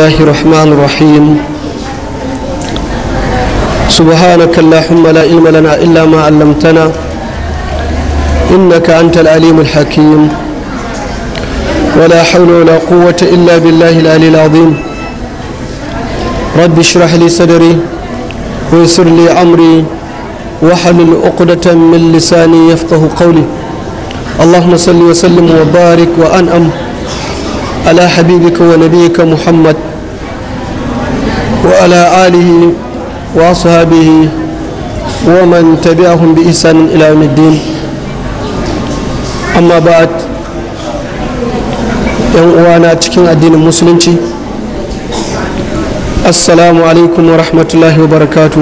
الله الرحمن الرحيم سبحانك اللهم لا علم لنا إلا ما علمتنا إنك أنت العليم الحكيم ولا حول ولا قوة إلا بالله العلي العظيم رب اشرح لي صدري ويسر لي أمري وحلل عقدة من لساني يفقه قولي اللهم صل وسلم وبارك وأنعم على حبيبك ونبيك محمد وعلى آله وأصحابه ومن تبعهم بإحسان إلى يوم الدين أما بعد وأنا cikin addinin musulunci assalamu alaikum wa rahmatullahi wa barakatu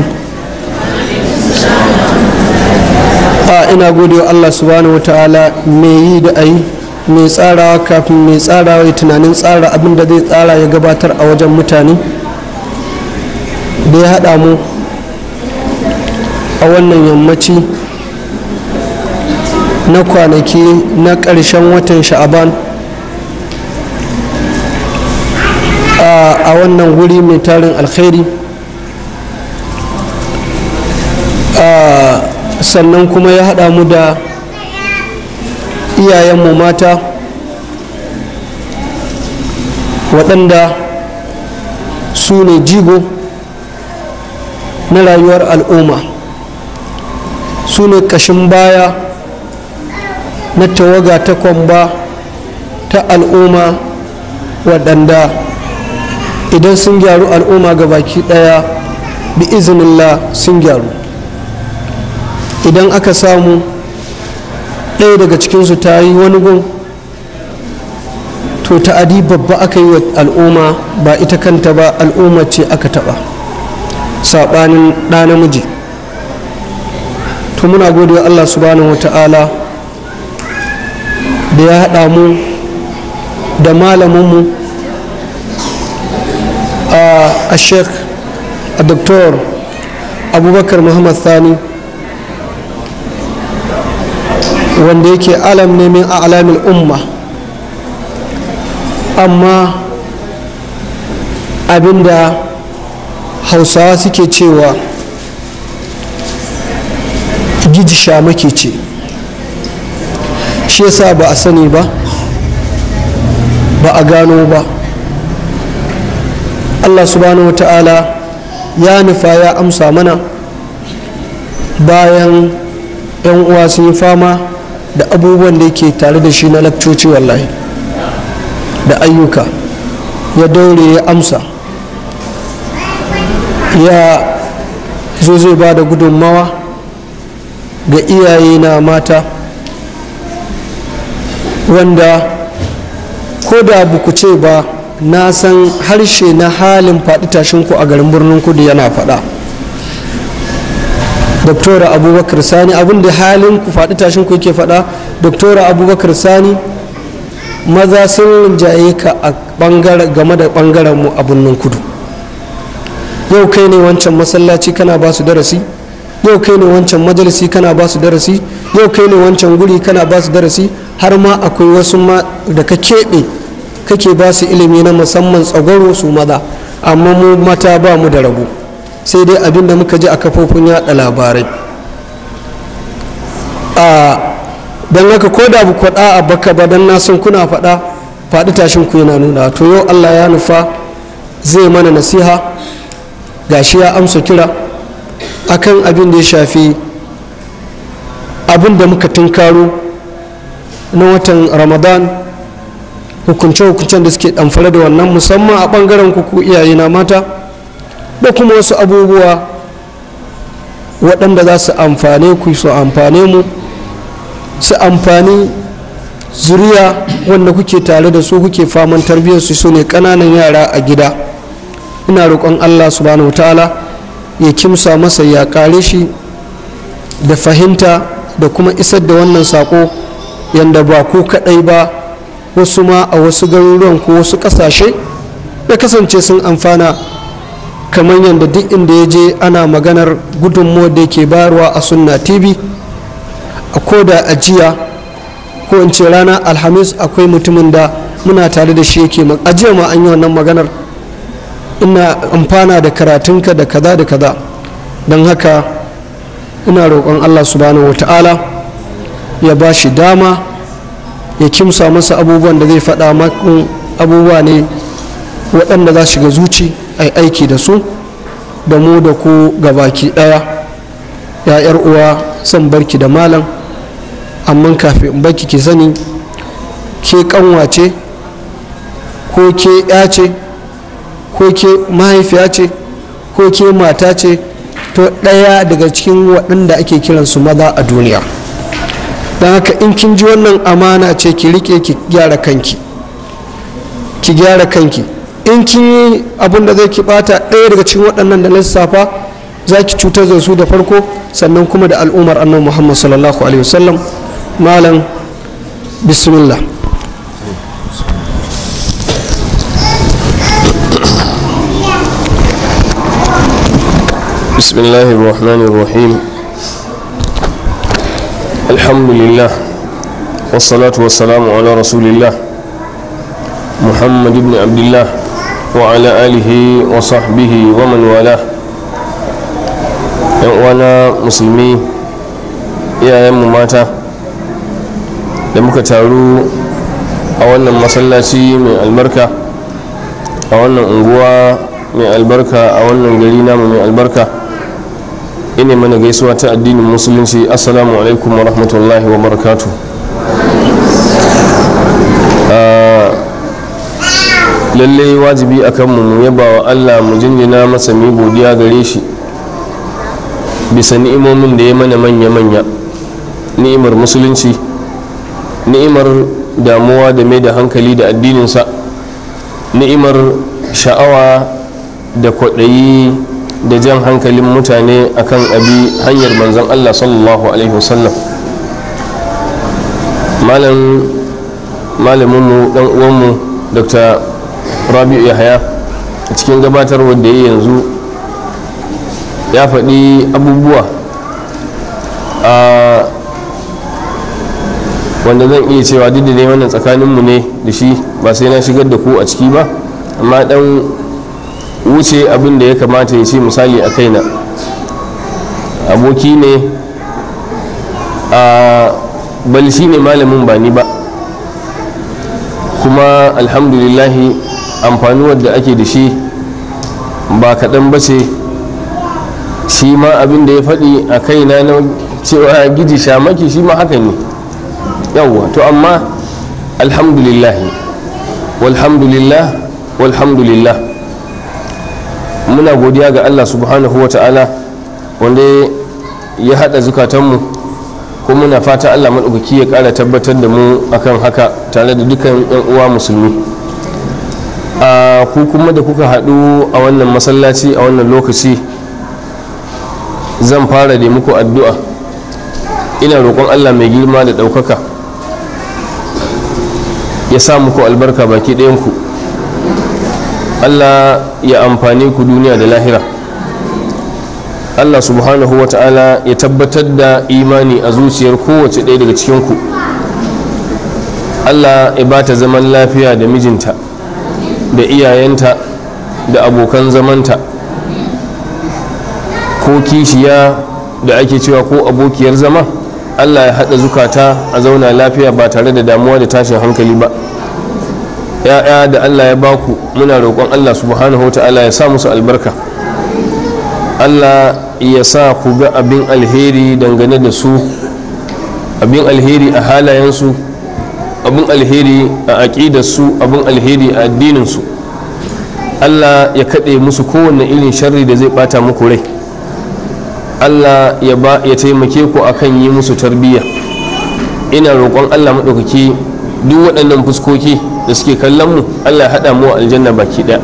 a ina gode wa allah subhanahu wa ta'ala mai yi da ayi mai tsarawa kafin mai tsarawa ya tunanin tsara abin da zai tsara ya gabatar a wajen mutane da ya haɗa mu a wannan yammaci na kwanaki na ƙarshen watan sha'aban a wannan wuri mai tarin alkhairi sannan kuma ya haɗa mu da iyayenmu mata waɗanda su ne jigo na rayuwar al'umma su ne kashin baya na tawaga ta kwamba ta al'umma waɗanda idan sun gyaru al'umma ga baki ɗaya bi izinillah sun gyaru idan aka samu ɗaya daga cikinsu ta yi wani gun to ta'adi babba aka yi wa al'umma ba ita kanta ba al'umma ce aka taɓa saɓanin ɗa namiji to muna gode wa allah subhanahu wata'ala da ya haɗa mu da mu a sheikh a doktor abubakar muhammad sani wanda yake alam ne min alamin umma amma abinda hausawa suke cewa giji shamake ce shi yasa ba a sani ba ba a gano ba allah subhanahu wa ta'ala ya nufa ya amsa mana bayan 'yan uwa sun yi fama da abubuwan da yake tare da shi na lakcoci wallahi da ayyuka ya daure ya amsa ya zo zai ba da gudunmawa ga iyaye na mata wanda ko da buku ce ba na san harshe na halin faɗi tashinku a garin birnin kudu yana faɗa doktora abubakar sani abinda halin ku faɗi tashinku yake faɗa Dr. abubakar sani maza sun rinjaye ka a game da ɓangaren mu a birnin kudu yau kai ne wancan masallaci kana ba su darasi yau kai ne wancan majalisi kana ba su darasi yau kai ne wancan guri kana ba su darasi har ma akwai wasu ma da ka keɓe kake ba su ilimi na musamman tsagwaro su maza amma mu mata ba mu da rabu sai dai abin da muka ji a kafofin yaɗa labarai don haka ko da kwaɗa a baka ba don nasan kuna faɗa faɗi tashin ku yana nuna to yau allah ya nufa zai mana nasiha gashi ya amsa kira akan abin da ya shafi abin da muka tunkaro na watan ramadan hukunce-hukuncen da suke damfara da wannan musamman a bangaren kuku iyaye na mata da kuma wasu abubuwa waɗanda za su amfane ku su amfane mu su amfani zuriya wanda kuke tare da su kuke faman tarbiyyarsu su ne ƙananan yara a gida ina roƙon allah subhanahu ta'ala ya kimsa masa ya kare shi da fahimta da kuma isar da wannan saƙo yadda ba ku kaɗai ba wasu ma a wasu garuruwan ko wasu ƙasashe ya kasance sun amfana kamar yadda duk inda ya je ana maganar gudunmuwa da ke bayarwa a sunna tv a koda ajiya ko in ce rana alhamis akwai mutumin da muna tare da shi yake ajiya ma an yi wannan maganar ina amfana da karatunka da kaza da kaza don haka ina roƙon allah subhanahu ta'ala ya ba shi dama ya kimsa masa abubuwan da zai faɗa makon abubuwa ne waɗanda za shiga zuci a aiki da su da mu da ku gabaki ɗaya ya yar uwa son barki da malam amma kafin barki ki sani ke kanwa ce ko ke ya ce ko ke mahaifiya ce ko ke mata ce to ɗaya daga cikin waɗanda ake kiransu maza a duniya don haka in kin ji wannan amana ce ki rike ki gyara kanki ki gyara kanki in kin yi abin da zai ki bata ɗaya daga cikin waɗannan da lissafa za ki cutar da su da farko sannan kuma da al'ummar annabi muhammad sallallahu alaihi wasallam malam bismillah بسم الله الرحمن الرحيم الحمد لله والصلاة والسلام على رسول الله محمد بن عبد الله وعلى آله وصحبه ومن والاه وانا مسلمي يا يم ماتا لمك تارو أولا مسلاتي من المركة أولا أنقوى mai albarka a wannan gari namu mai albarka ne mana gaisuwa ta addinin musulunci assalamu alaikum wa rahmatullahi wa barakatu ah, lallai wajibi a kanmu mu yaba wa allah mu jinjina masa mi godiya gare shi bisa ni'imomin da ya mana manya-manya ni'imar musulunci ni'imar damuwa da mai da hankali da addininsa ni'imar sha'awa da kwaɗayi da jan hankalin mutane akan abi hanyar manzon Allah sallallahu alaihi wasallam malaminmu dan uwanmu dr rabi'u yahaya a cikin gabatarwar da ya yanzu ya faɗi abubuwa a wanda zan iya cewa duk da ne wannan tsakaninmu ne da shi ba sai na shigar da ku a ciki ba amma dan wuce abin da ya kamata ya ce misali a kaina aboki ne a bali ne malamin ba ni ba kuma alhamdulillahi amfani da ake da shi ba kaɗan ba ce shi ma abin da ya faɗi a kaina na cewa giji shamaki shi ma haka ne yawwa to amma alhamdulillahi walhamdulillah walhamdulillah muna godiya ga allah subhanahu ta'ala wanda ya haɗa zukatanmu kuma muna fata allah maɗaukaki ya ƙara tabbatar da mu akan haka tare da dukkan ɗan uwa musulmi a kuma da kuka haɗu a wannan masallaci a wannan lokaci zan fara da muku addu'a ina roƙon allah mai girma da ɗaukaka ya sa muku albarka baki ɗayanku ku Allah ya amfani ku duniya da lahira Allah subhanahu wa ta'ala ya tabbatar da imani a zuciyar kowace ɗaya daga cikinku Allah ya ba ta zaman lafiya da mijinta da iyayenta da abokan zamanta ko kishiya da ake cewa ko abokiyar zama Allah ya haɗa zukata a zauna lafiya ba tare da damuwa da tashin hankali ba ya'ya da allah ya baku muna roƙon allah subhanahu wa ta'ala ya sa musu albarka allah ya sa ku ga abin alheri dangane da su abin alheri a halayensu abin alheri a aƙidarsu abin alheri a addininsu allah ya kaɗe musu kowane irin sharri da zai ɓata muku rai allah ya taimake ku akan yi musu tarbiyya ina roƙon allah maɗaukaki duk waɗannan fuskoki da suke kallon mu Allah ya haɗa mu aljanna baki ɗaya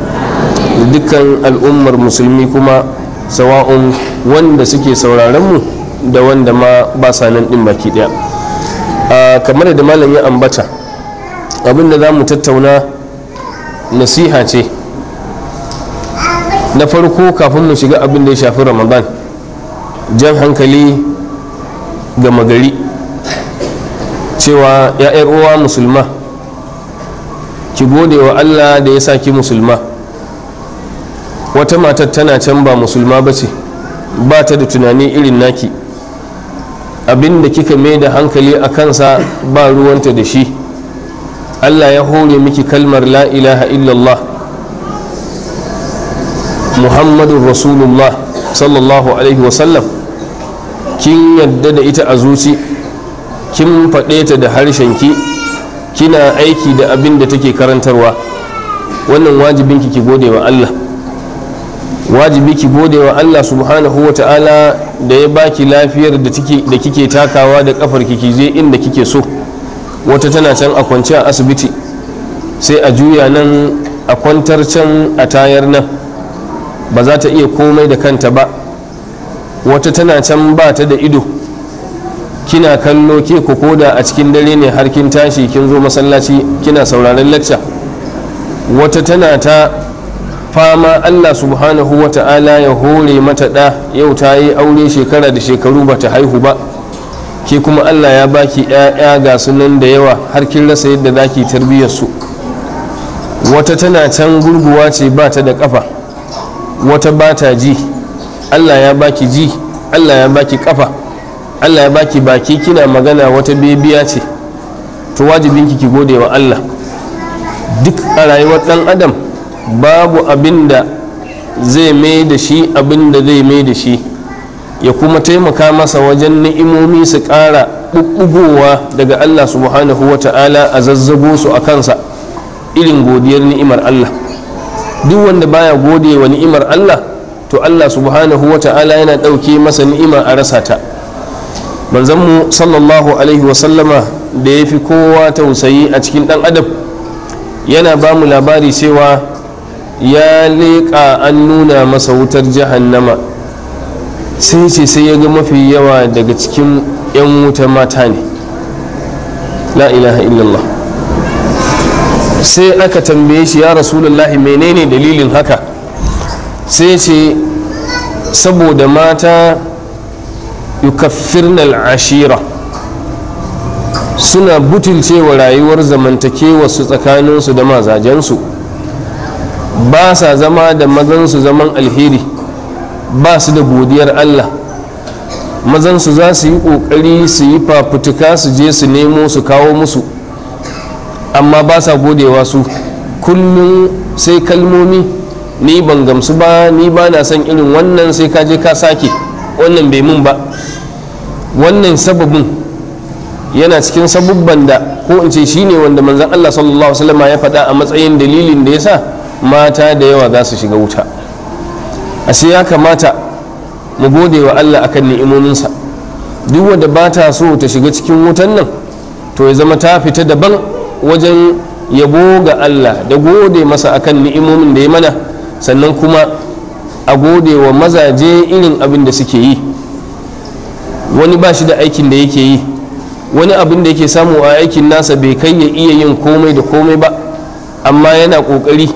dukkan al'ummar musulmi kuma sawa'un wanda suke sauraron mu da wanda ma ba sa nan ɗin baki ɗaya kamar da malam ya ambata abin da za mu tattauna nasiha ce na farko kafin mu shiga abin da ya shafi ramadan jan hankali ga magari cewa yayar uwa musulma ki gode wa allah da ya sa ki musulma wata matar tana can ba musulma ba ce ba ta da tunani irin naki abin da kika mai da hankali a kansa ba ruwanta da shi allah ya hore miki kalmar la ilaha illallah muhammadun rasulullah sallallahu alaihi wasallam kin yadda da ita a zuci kin faɗe ta da ki, kina aiki da abin da take karantarwa wannan wajibinki ki gode wa Allah wajibi ki gode wa Allah subhanahu wa ta'ala da ya baki lafiyar da kike takawa da kafar ki je inda kike so wata tana can a kwance a asibiti sai a juya nan a kwantar can a tayar nan ba za ta iya komai da kanta ba wata tana can ba ta da ido kina kallo ke ku koda a cikin dare ne har kin tashi kin zo masallaci kina sauraron lacca wata tana ta fama allah subhanahu wa ta'ala ya hore mata ɗa yau ta yi aure shekara da shekaru ba ta haihu ba ke kuma allah ya baki 'ya'ya ga sunan da yawa har kin rasa yadda zaki ki su wata tana can gurguwa ce ba ta da kafa wata ba ta ji allah ya baki ji allah ya baki kafa Allah ya baki baki kina magana wata bebiya ce to wajibinki ki gode wa Allah duk a rayuwar dan adam babu abin da zai mai da shi abin da zai mai da shi ya kuma taimaka masa wajen ni'imomi su kara ɓuɓɓugowa daga Allah subhanahu wa ta'ala a zazzago su a kansa irin godiyar ni'imar Allah duk wanda baya gode wa ni'imar Allah to Allah subhanahu wa ta'ala yana ɗauke masa ni'ima a rasa ta manzanmu sallallahu alaihi wasallama da ya fi kowa tausayi a cikin ɗan adam yana ba mu labari cewa ya leƙa an nuna masa wutar jahannama sai ce sai ya ga mafi yawa daga cikin 'yan wuta mata ne la ilaha illallah sai aka tambaye shi ya rasulullahi menene dalilin haka sai ce saboda mata yukaffirna al'ashira suna butulcewa rayuwar su tsakaninsu da mazajensu ba sa zama da mazansu zaman alheri ba su da godiyar allah mazansu za su yi ƙoƙari su yi fafutuka su je su nemo su kawo musu amma ba sa godewa su kullum sai kalmomi ni ban gamsu ba ni ba na son irin wannan sai ka je ka sake wannan bai mun ba wannan sababin yana cikin sabubban da ko in ce shine wanda manzan Allah sallallahu alaihi ya faɗa a matsayin dalilin da ya sa mata da yawa za su shiga wuta ashe ya kamata mu gode wa Allah akan ni'imominsa duk wanda ba ta so ta shiga cikin wutan nan to ya zama ta fita daban wajen yabo ga Allah da gode masa akan ni'imomin da ya mana sannan kuma a gode wa mazaje irin abin da suke yi wani ba shi da aikin da yake yi wani abin da yake samu a aikin nasa bai kai ya iya yin komai da komai ba amma yana kokari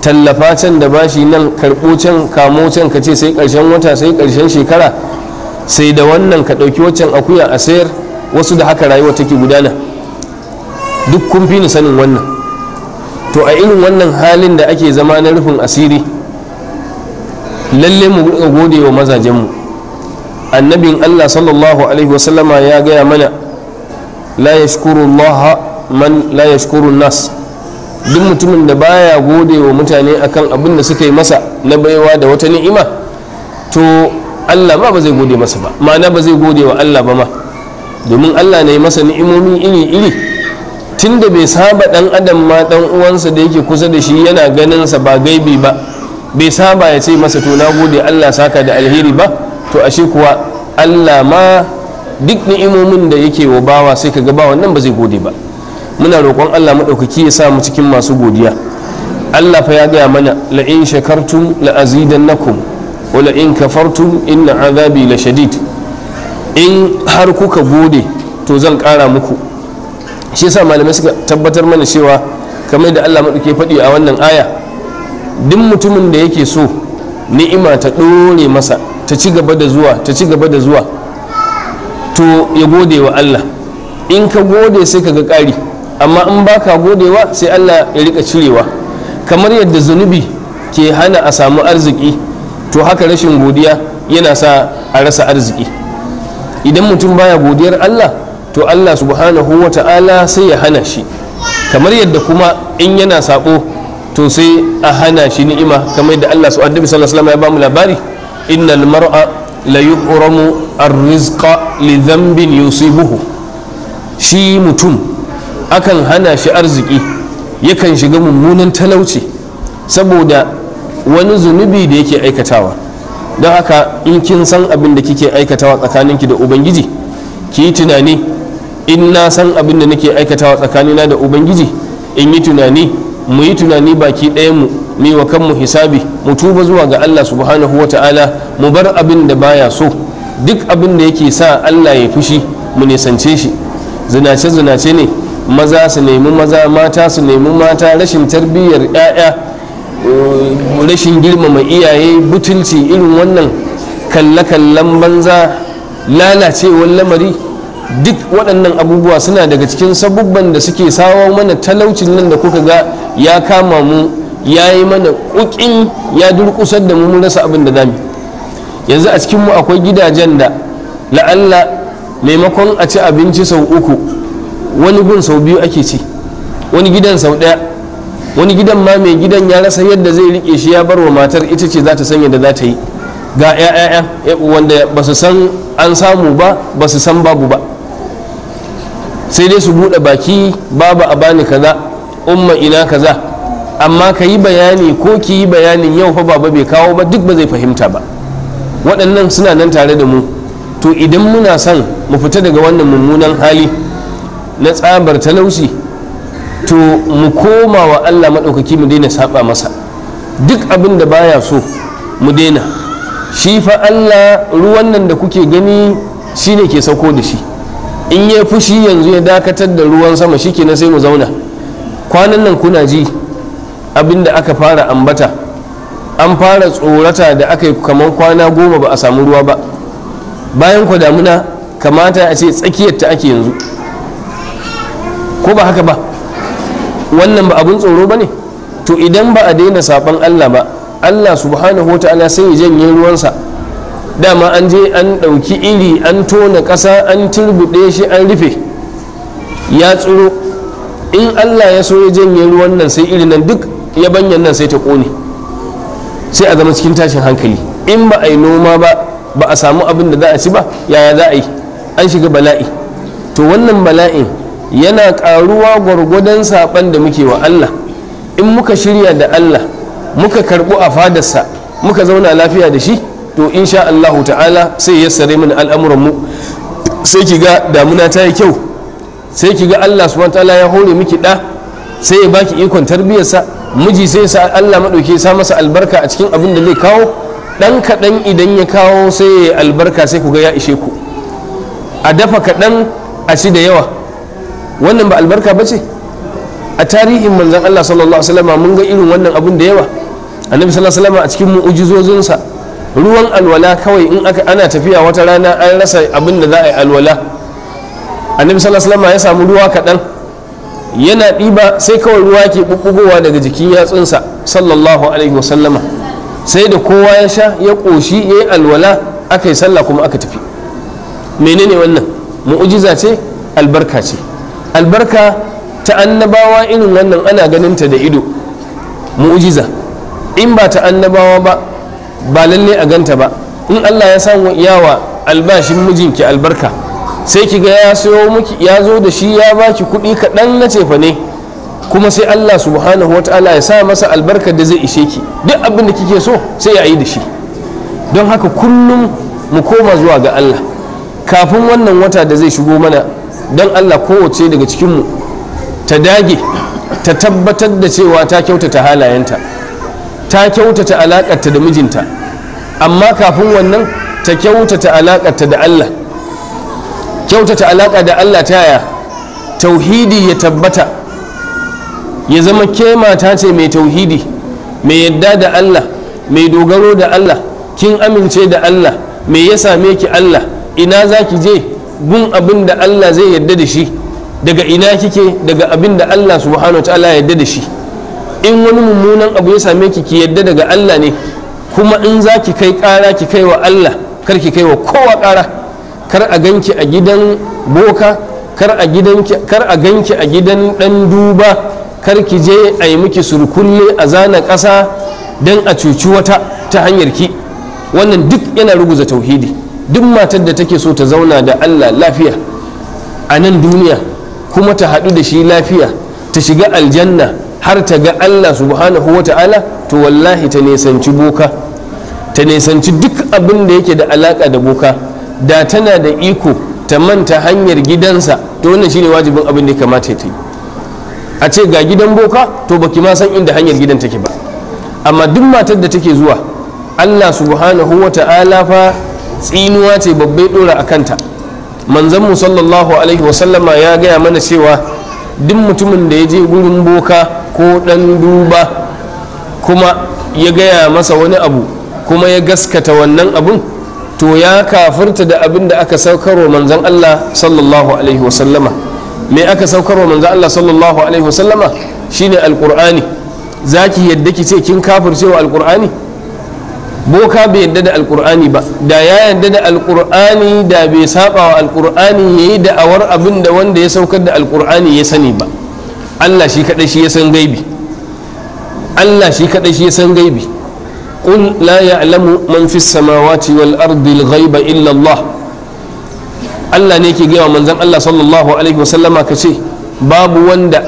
tallafa can da bashi nan karɓo can kamo can ka ce sai ƙarshen wata sai ƙarshen shekara sai da wannan ka ɗauki waccan akuya a sayar wasu da haka rayuwa take gudana duk kun fi ni sanin wannan to a irin wannan halin da ake zama na rufin asiri lalle mu rika gode wa mazajenmu annabin allah sallallahu alaihi wasallama ya gaya mana la yashkuru allah man la nas duk mutumin da baya gode wa mutane akan abin da suka yi masa na baiwa da wata ni'ima to allah ba ba zai gode masa ba ma'ana ba zai gode wa allah ba ma domin allah na yi masa ni'imomi iri iri tunda bai saba dan adam ma dan uwansa da yake kusa da shi yana ganin sa ba gaibi ba bai saba ya ce masa to na gode Allah saka da alheri ba to ashe kuwa Allah ma duk ni'imomin da yake wa bawa sai ka ga ba wannan ba zai gode ba muna roƙon Allah madaukaki ya sa mu cikin masu godiya Allah fa ya gaya mana la in shakartum la azidannakum wa la in kafartum inna azabi la shadid in har kuka gode to zan ƙara muku shi yasa malamai suka tabbatar mana cewa kamar da Allah maɗauke faɗi a wannan aya duk mutumin da yake so ni'ima ta ɗore masa ta ci gaba da zuwa ta ci gaba da zuwa to ya gode wa Allah in ka gode sai ka ga ƙari amma in ba ka godewa sai Allah ya rika cirewa kamar yadda zunubi ke hana a samu arziki to haka rashin godiya yana sa a rasa arziki idan mutum baya godiyar Allah to Allah subhanahu wa ta'ala sai ya hana shi kamar yadda kuma in yana sako. to sai a hana shi ni'ima kamar yadda Allah su annabi sallallahu alaihi wasallam ya ba labari innal mar'a la yuhramu ar-rizqa li dhanbin yusibuhu shi mutum akan hana shi arziki yakan shiga mummunan talauci saboda wani zunubi da yake aikatawa don haka in kin san abin da kike aikatawa tsakaninki da ubangiji ki yi tunani in na san abin da nake aikatawa tsakanina da ubangiji in yi tunani mu yi tunani baki ɗayanmu mu yi wa kanmu hisabi mu tuba zuwa ga Allah subhanahu wa ta'ala mu bar abin da baya so duk abin da yake sa Allah ya fushi mu nisance shi zinace zinace ne maza su nemi maza mata su nemi mata rashin tarbiyyar 'ya'ya rashin girmama iyaye butulci irin wannan kalle-kallen banza lalacewar lamari duk waɗannan abubuwa suna daga cikin sabubban da suke sawo mana talaucin nan da kuka ga ya kama mu ya yi mana ƙuƙin ya durƙusar da mu mun rasa abin da dami yanzu a cikinmu akwai gidajen da la'alla maimakon a ci abinci sau uku wani gun sau biyu ake ci wani gidan sau ɗaya wani gidan ma mai gidan ya rasa yadda zai riƙe shi ya bar wa matar ita ce za ta sanya da za ta yi ga 'ya'ya wanda ba su san an samu ba ba su san babu ba sai dai su buɗe baki babu a bani kaza umma ina kaza amma ka yi bayani ko ki yi bayanin yau fa baba bai kawo ba duk ba zai fahimta ba waɗannan suna nan tare da mu to idan muna son mu fita daga wannan mummunan hali na tsabar talausi to mu koma wa allah maɗaukaki mu daina saba masa duk abin da baya so mu daina shi fa allah ruwan nan da kuke gani shine ke sauko da shi in ya fushi yanzu ya dakatar da ruwan sama shi na sai mu zauna kwanan nan kuna ji abin da aka fara ambata an fara tsorata da aka yi kamar kwana goma ba a samu ruwa ba bayan ku damuna kamata a ce tsakiyar ta ake yanzu ko ba haka ba wannan ba abin tsoro ba ne to idan ba a daina saban allah ba allah subhanahu wa ta'ala sai ya janye ruwansa dama an je an ɗauki iri an tona ƙasa an turbuɗe shi an rufe ya tsuro. in allah ya so ya janye ruwan nan sai iri nan duk ya banyan nan sai ta ƙone sai a zama cikin tashin hankali in ba a yi noma ba ba a samu abin da za a ci ba yaya za a yi an shiga bala'i to wannan bala'in yana ƙaruwa gwargwadon saɓan da muke wa allah in muka shirya da allah muka karɓu a fadarsa muka zauna lafiya da shi to in sha Allahu ta'ala sai ya sare mana al'amuran mu sai ki ga damuna ta yi kyau sai ki ga Allah subhanahu ta'ala ya hore miki da sai ya baki ikon tarbiyar sa. miji sai sa Allah madauke sa masa albarka a cikin abin da zai kawo dan kadan idan ya kawo sai ya albarka sai ku ga ya ishe ku a dafa kadan a ci da yawa wannan ba albarka ba ce a tarihin manzon Allah sallallahu alaihi wasallam mun ga irin wannan abun da yawa annabi sallallahu alaihi wasallam a cikin mu'ujizozin sa ruwan alwala kawai in aka ana tafiya wata rana an rasa abin da za a yi alwala annabi sallallahu alaihi ya samu ruwa kaɗan yana ɗiba sai kawai ruwa ke bubbugowa daga jiki yatsunsa sallallahu alaihi wasallama sai da kowa ya sha ya ƙoshi ya yi alwala aka yi sallah kuma aka tafi menene wannan mu'ujiza ce albarka ce albarka ta annabawa irin wannan ana ganin ta da ido mu'ujiza in ba ta annabawa ba ba lalle a ganta ba in Allah ya samu yawa albashin mijinki albarka sai ki ga ya sayo miki ya zo da shi ya baki kuɗi kaɗan na cefa ne kuma sai Allah subhanahu wa ta'ala ya sa masa albarka da zai ishe ki duk abin da kike so sai ya yi da shi don haka kullum mu koma zuwa ga Allah kafin wannan wata da zai shigo mana don Allah kowace daga cikinmu ta dage ta tabbatar da cewa ta kyautata halayenta ta kyautata alaƙarta da mijinta amma kafin wannan ta kyautata alaƙarta da Allah kyautata alaƙa da Allah ta yaya tauhidi ya tabbata ya zama ke mata ce mai tauhidi mai yadda da Allah mai dogaro da Allah kin amince da Allah mai ya same ki Allah ina za ki je gun abin da Allah zai yadda da shi daga ina kike daga abin da Allah subhanahu wa ta'ala yadda da shi in wani mummunan abu ya same ki ki yadda daga Allah ne kuma in za ki kai kara ki kai wa Allah kar ki kai wa kowa kara kar a ganki a gidan boka kar a gan kar a ganki a gidan dan duba kar ki je a yi miki surkulle a zana ƙasa don a cuci wata ta hanyar ki wannan duk yana ruguza tauhidi duk matar da take so ta zauna da Allah lafiya a nan duniya kuma ta haɗu da shi lafiya ta shiga aljanna har ta ga Allah subhanahu wa ta'ala to wallahi ta nisanci boka ta nisanci duk abin da yake da alaka da boka da tana da iko ta manta hanyar gidansa to wannan shine wajibin abin da kamata ta yi a ce ga gidan boka to baki ma san inda hanyar gidan take ba amma duk matar da take zuwa Allah subhanahu wa ta'ala fa tsinuwa ce babbai dora a kanta manzon mu sallallahu alaihi wasallama ya gaya mana cewa duk mutumin da ya je gurin boka ko ɗan duba kuma ya gaya masa wani abu kuma ya gaskata wannan abun to ya kafirta da abin da aka wa manzan Allah sallallahu alaihi wasallama me aka wa manzan Allah sallallahu alaihi wasallama shine alqur'ani zaki yadda ki ce kin kafircewa alqur'ani boka bai yadda da alqur'ani ba da ya yadda da alqur'ani da bai saba wa ya yayi da'awar abin da wanda ya saukar da alkur'ani ya sani ba Allah shi kaɗai shi ya san gaibi Allah shi kaɗai shi ya san gaibi qul la ya'lamu man fis samawati wal ardi al ghaiba illa Allah Allah ne yake gaya manzon Allah sallallahu alaihi wasallama kace babu wanda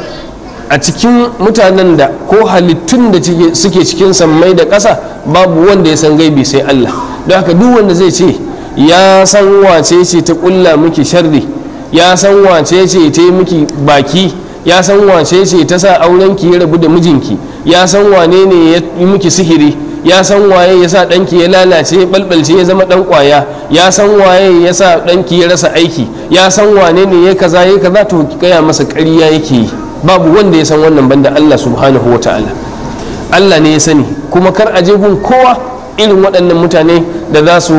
a cikin mutanen da ko halittun da suke cikin sammai da ƙasa babu wanda ya san gaibi sai Allah don haka duk wanda zai ce ya san wace ce ta ƙulla miki sharri ya san wace ce ta yi miki baki ya san wace ce ta sa auren ya rabu da mijinki ya san wane ne ya yi miki sihiri ya san waye ya sa ɗanki ya lalace ya balbalce ya zama ɗan kwaya ya san waye ya sa ɗanki ya rasa aiki ya san wane ne ya kaza ya kaza to kaya masa ƙarya yake yi babu wanda ya san wannan banda Allah subhanahu wa ta'ala Allah ne ya sani kuma kar a je gun kowa irin waɗannan mutane da za su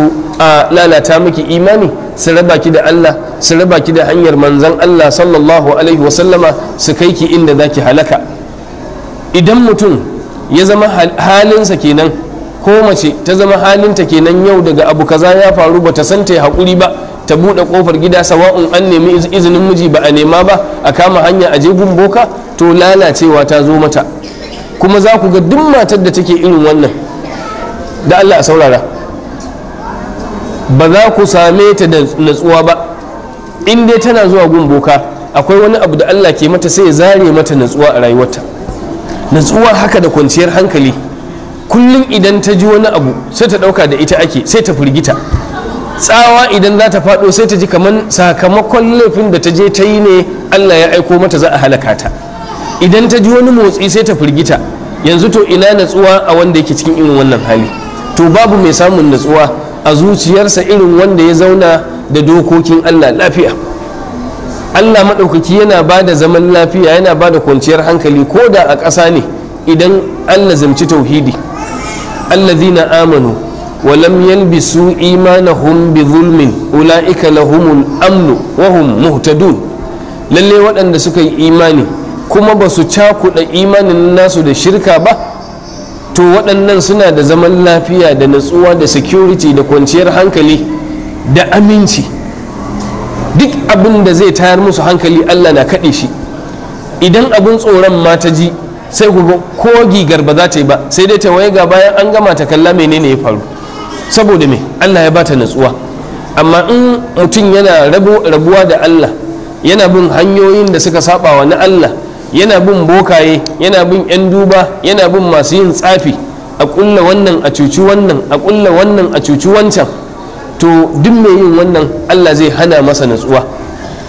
lalata miki imani su raba ki da Allah su raba ki da hanyar manzan Allah sallallahu alaihi wasallama su kai ki inda za ki halaka idan mutum ya zama halinsa kenan ko mace ta zama halinta kenan yau daga abu kaza ya faru bata san ta yi haƙuri ba ta buɗe ƙofar gida sawa'un an nemi izinin miji ba a nema ba a kama hanya a je boka to lalacewa ta zo mata kuma za ku ga duk matar da take irin wannan da Allah a saurara ba za ku same ta da natsuwa ba in dai tana zuwa gun boka akwai wani abu da Allah ke mata sai ya zare mata natsuwa a rayuwarta natsuwa haka da kwanciyar hankali kullum idan ta ji wani abu sai ta dauka da ita ake sai ta firgita tsawa idan za ta faɗo sai ta ji kamar sakamakon laifin da ta je ta yi ne Allah ya aiko mata za a halaka ta idan ta ji wani motsi sai ta firgita yanzu to ina natsuwa a wanda yake cikin irin wannan hali to babu mai samun natsuwa a zuciyarsa irin wanda ya zauna da dokokin Allah lafiya Allah maɗaukaki yana ba da zaman lafiya yana ba da kwanciyar hankali ko da a ƙasa ne idan Allah zamci tauhidi allazina amanu wa lam yalbisu imanahum bi zulmin ula'ika lahumul amnu wa hum muhtadun lalle waɗanda suka yi imani kuma ba su cakuɗa imanin nasu da shirka ba to waɗannan suna da zaman lafiya da natsuwa da security da kwanciyar hankali da aminci duk abin da zai tayar musu hankali allah na kaɗe shi idan abin tsoron ma ta ji sai ku ko gigar ba za ta yi ba sai dai ta waye ga bayan an gama ta kalla menene ya faru saboda me allah ya bata natsuwa amma in mutum yana rabuwa da allah yana bin hanyoyin da suka saba wa na allah yana bin bokaye yana bin 'yan duba yana bin masu yin tsafi a kulla wannan a cuci wannan a kulla wannan a cuci wancan to duk mai yin wannan allah zai hana masa natsuwa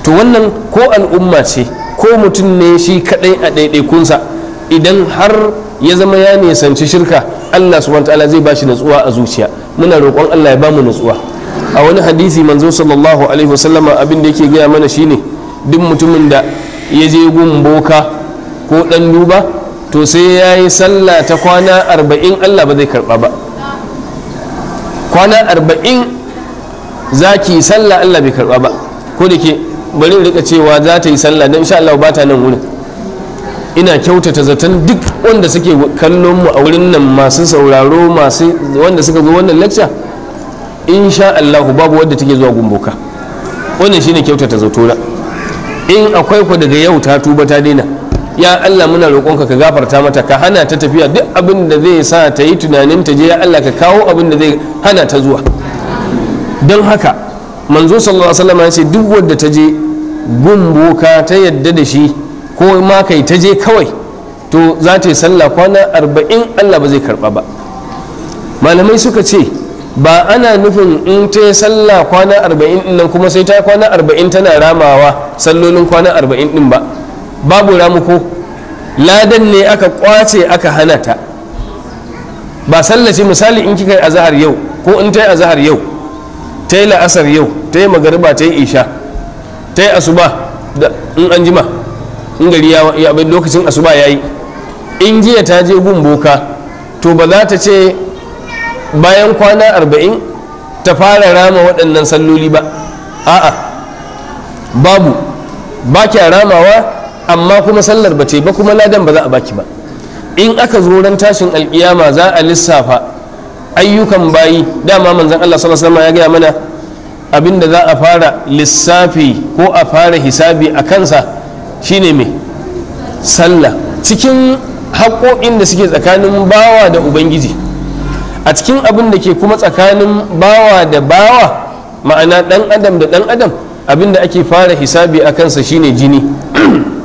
to wannan ko al'umma ce ko mutum ne shi kadai a ɗaiɗaikunsa idan har ya zama ya nisanci shirka allah subhanahu ta'ala zai shi natsuwa a zuciya muna roƙon allah ya ba mu natsuwa a wani hadisi manzo sallallahu alaihi wasallama abin da yake gaya mana shine duk mutumin da ya je gun boka ko ɗan duba to sai ya yi sallah ta kwana arba'in allah ba zai karba ba kwana arba'in za ki yi sallah allah bai karba ba ko da ke bari rika cewa za ta yi sallah don sha allah ba ta nan wurin ina kyautata zaton duk wanda suke kallon mu a wurin nan masu sauraro masu wanda suka zo wannan lecture insha allah babu wanda take zuwa gumboka wannan shine kyautata zatona in akwai ku daga yau ta tuba ta daina ya Allah muna roƙonka ka gafarta mata ka hana ta tafiya duk abin da zai sa ta yi tunanin ta je ya Allah ka kawo abin da zai hana ta zuwa don haka manzo sallallahu alaihi wasallam ya ce duk wanda ta je gun boka ta yadda da shi ko ma kai ta je kawai to za ta yi sallah kwana arba'in Allah ba zai karba ba malamai suka ce ba ana nufin in ta yi sallah kwana arba'in nan kuma sai ta kwana arba'in tana ramawa sallolin kwana arba'in din ba babu ramuko ladan ne aka kwace aka hana ta ba sallah ce misali in kika yi azahar yau ko in ta yi azahar yau ta yi la'asar yau ta yi magariba ta yi isha ta yi asuba da in an jima in gari ya abin lokacin asuba ya yi in jiya ta je Gumboka to ba za ta ce bayan kwana arba'in ta fara rama waɗannan salloli ba a'a babu ba kya ramawa amma kuma sallar ba ce ba kuma ladan ba za a baki ba in aka zo ran tashin alkiyama za a lissafa ayyukan bayi dama manzan Allah sallallahu ya gaya mana abinda za a fara lissafi ko a fara hisabi a kansa shine mai sallah cikin haƙoƙin da suke tsakanin bawa da ubangiji a cikin abin da ke kuma tsakanin bawa da bawa ma'ana dan adam da dan adam abin da ake fara hisabi a kansa shine jini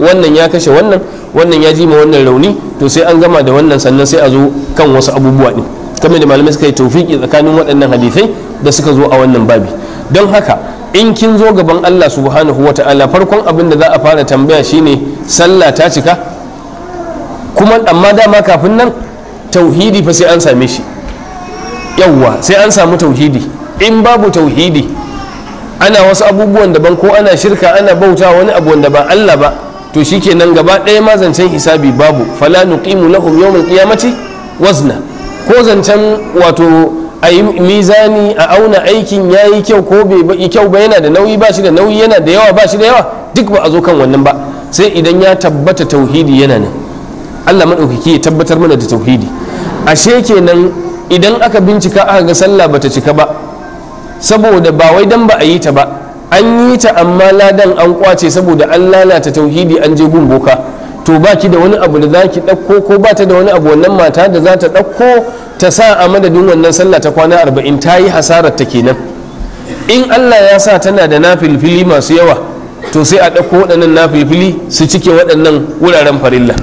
wannan ya kashe wannan wannan ya ji ma wannan rauni to sai an gama da wannan sannan sai a zo kan wasu abubuwa ne kamar da malamai suka yi taufiki tsakanin waɗannan hadisai da suka zo a wannan babi don haka in kin zo gaban Allah subhanahu wa ta'ala farkon abin da za a fara tambaya shine sallah ta cika kuma amma dama kafin nan tauhidi fa sai an same shi yawwa sai an samu tauhidi in babu tauhidi ana wasu abubuwan daban ko ana shirka ana bauta wani abu wanda ba Allah ba to shi shikenan gaba ɗaya ma zancen hisabi babu fala nuqimu lahum yawmal qiyamati wazna ko zancen wato a yi mizani a auna aikin ya yi kyau ko bai kyau ba yana da nauyi ba shi da nauyi yana da yawa ba shi da yawa duk ba a zo kan wannan ba sai idan ya tabbata tauhidi yana nan Allah maɗaukaki ya tabbatar mana da tauhidi ashe kenan idan aka bincika aka ga sallah bata cika ba saboda ba wai dan ba a yi ta ba an yi ta amma ladan an kwace saboda an lalata tauhidi an je gun boka to ba ki da wani abu da za ki ɗauko ko ba ta da wani abu wannan mata da za ta ɗauko ta sa a madadin wannan sallah ta kwana arba'in ta yi hasarar ta kenan in allah ya sa tana da nafilfili masu yawa to sai a ɗauko waɗannan nafilfili su cike waɗannan wuraren farilla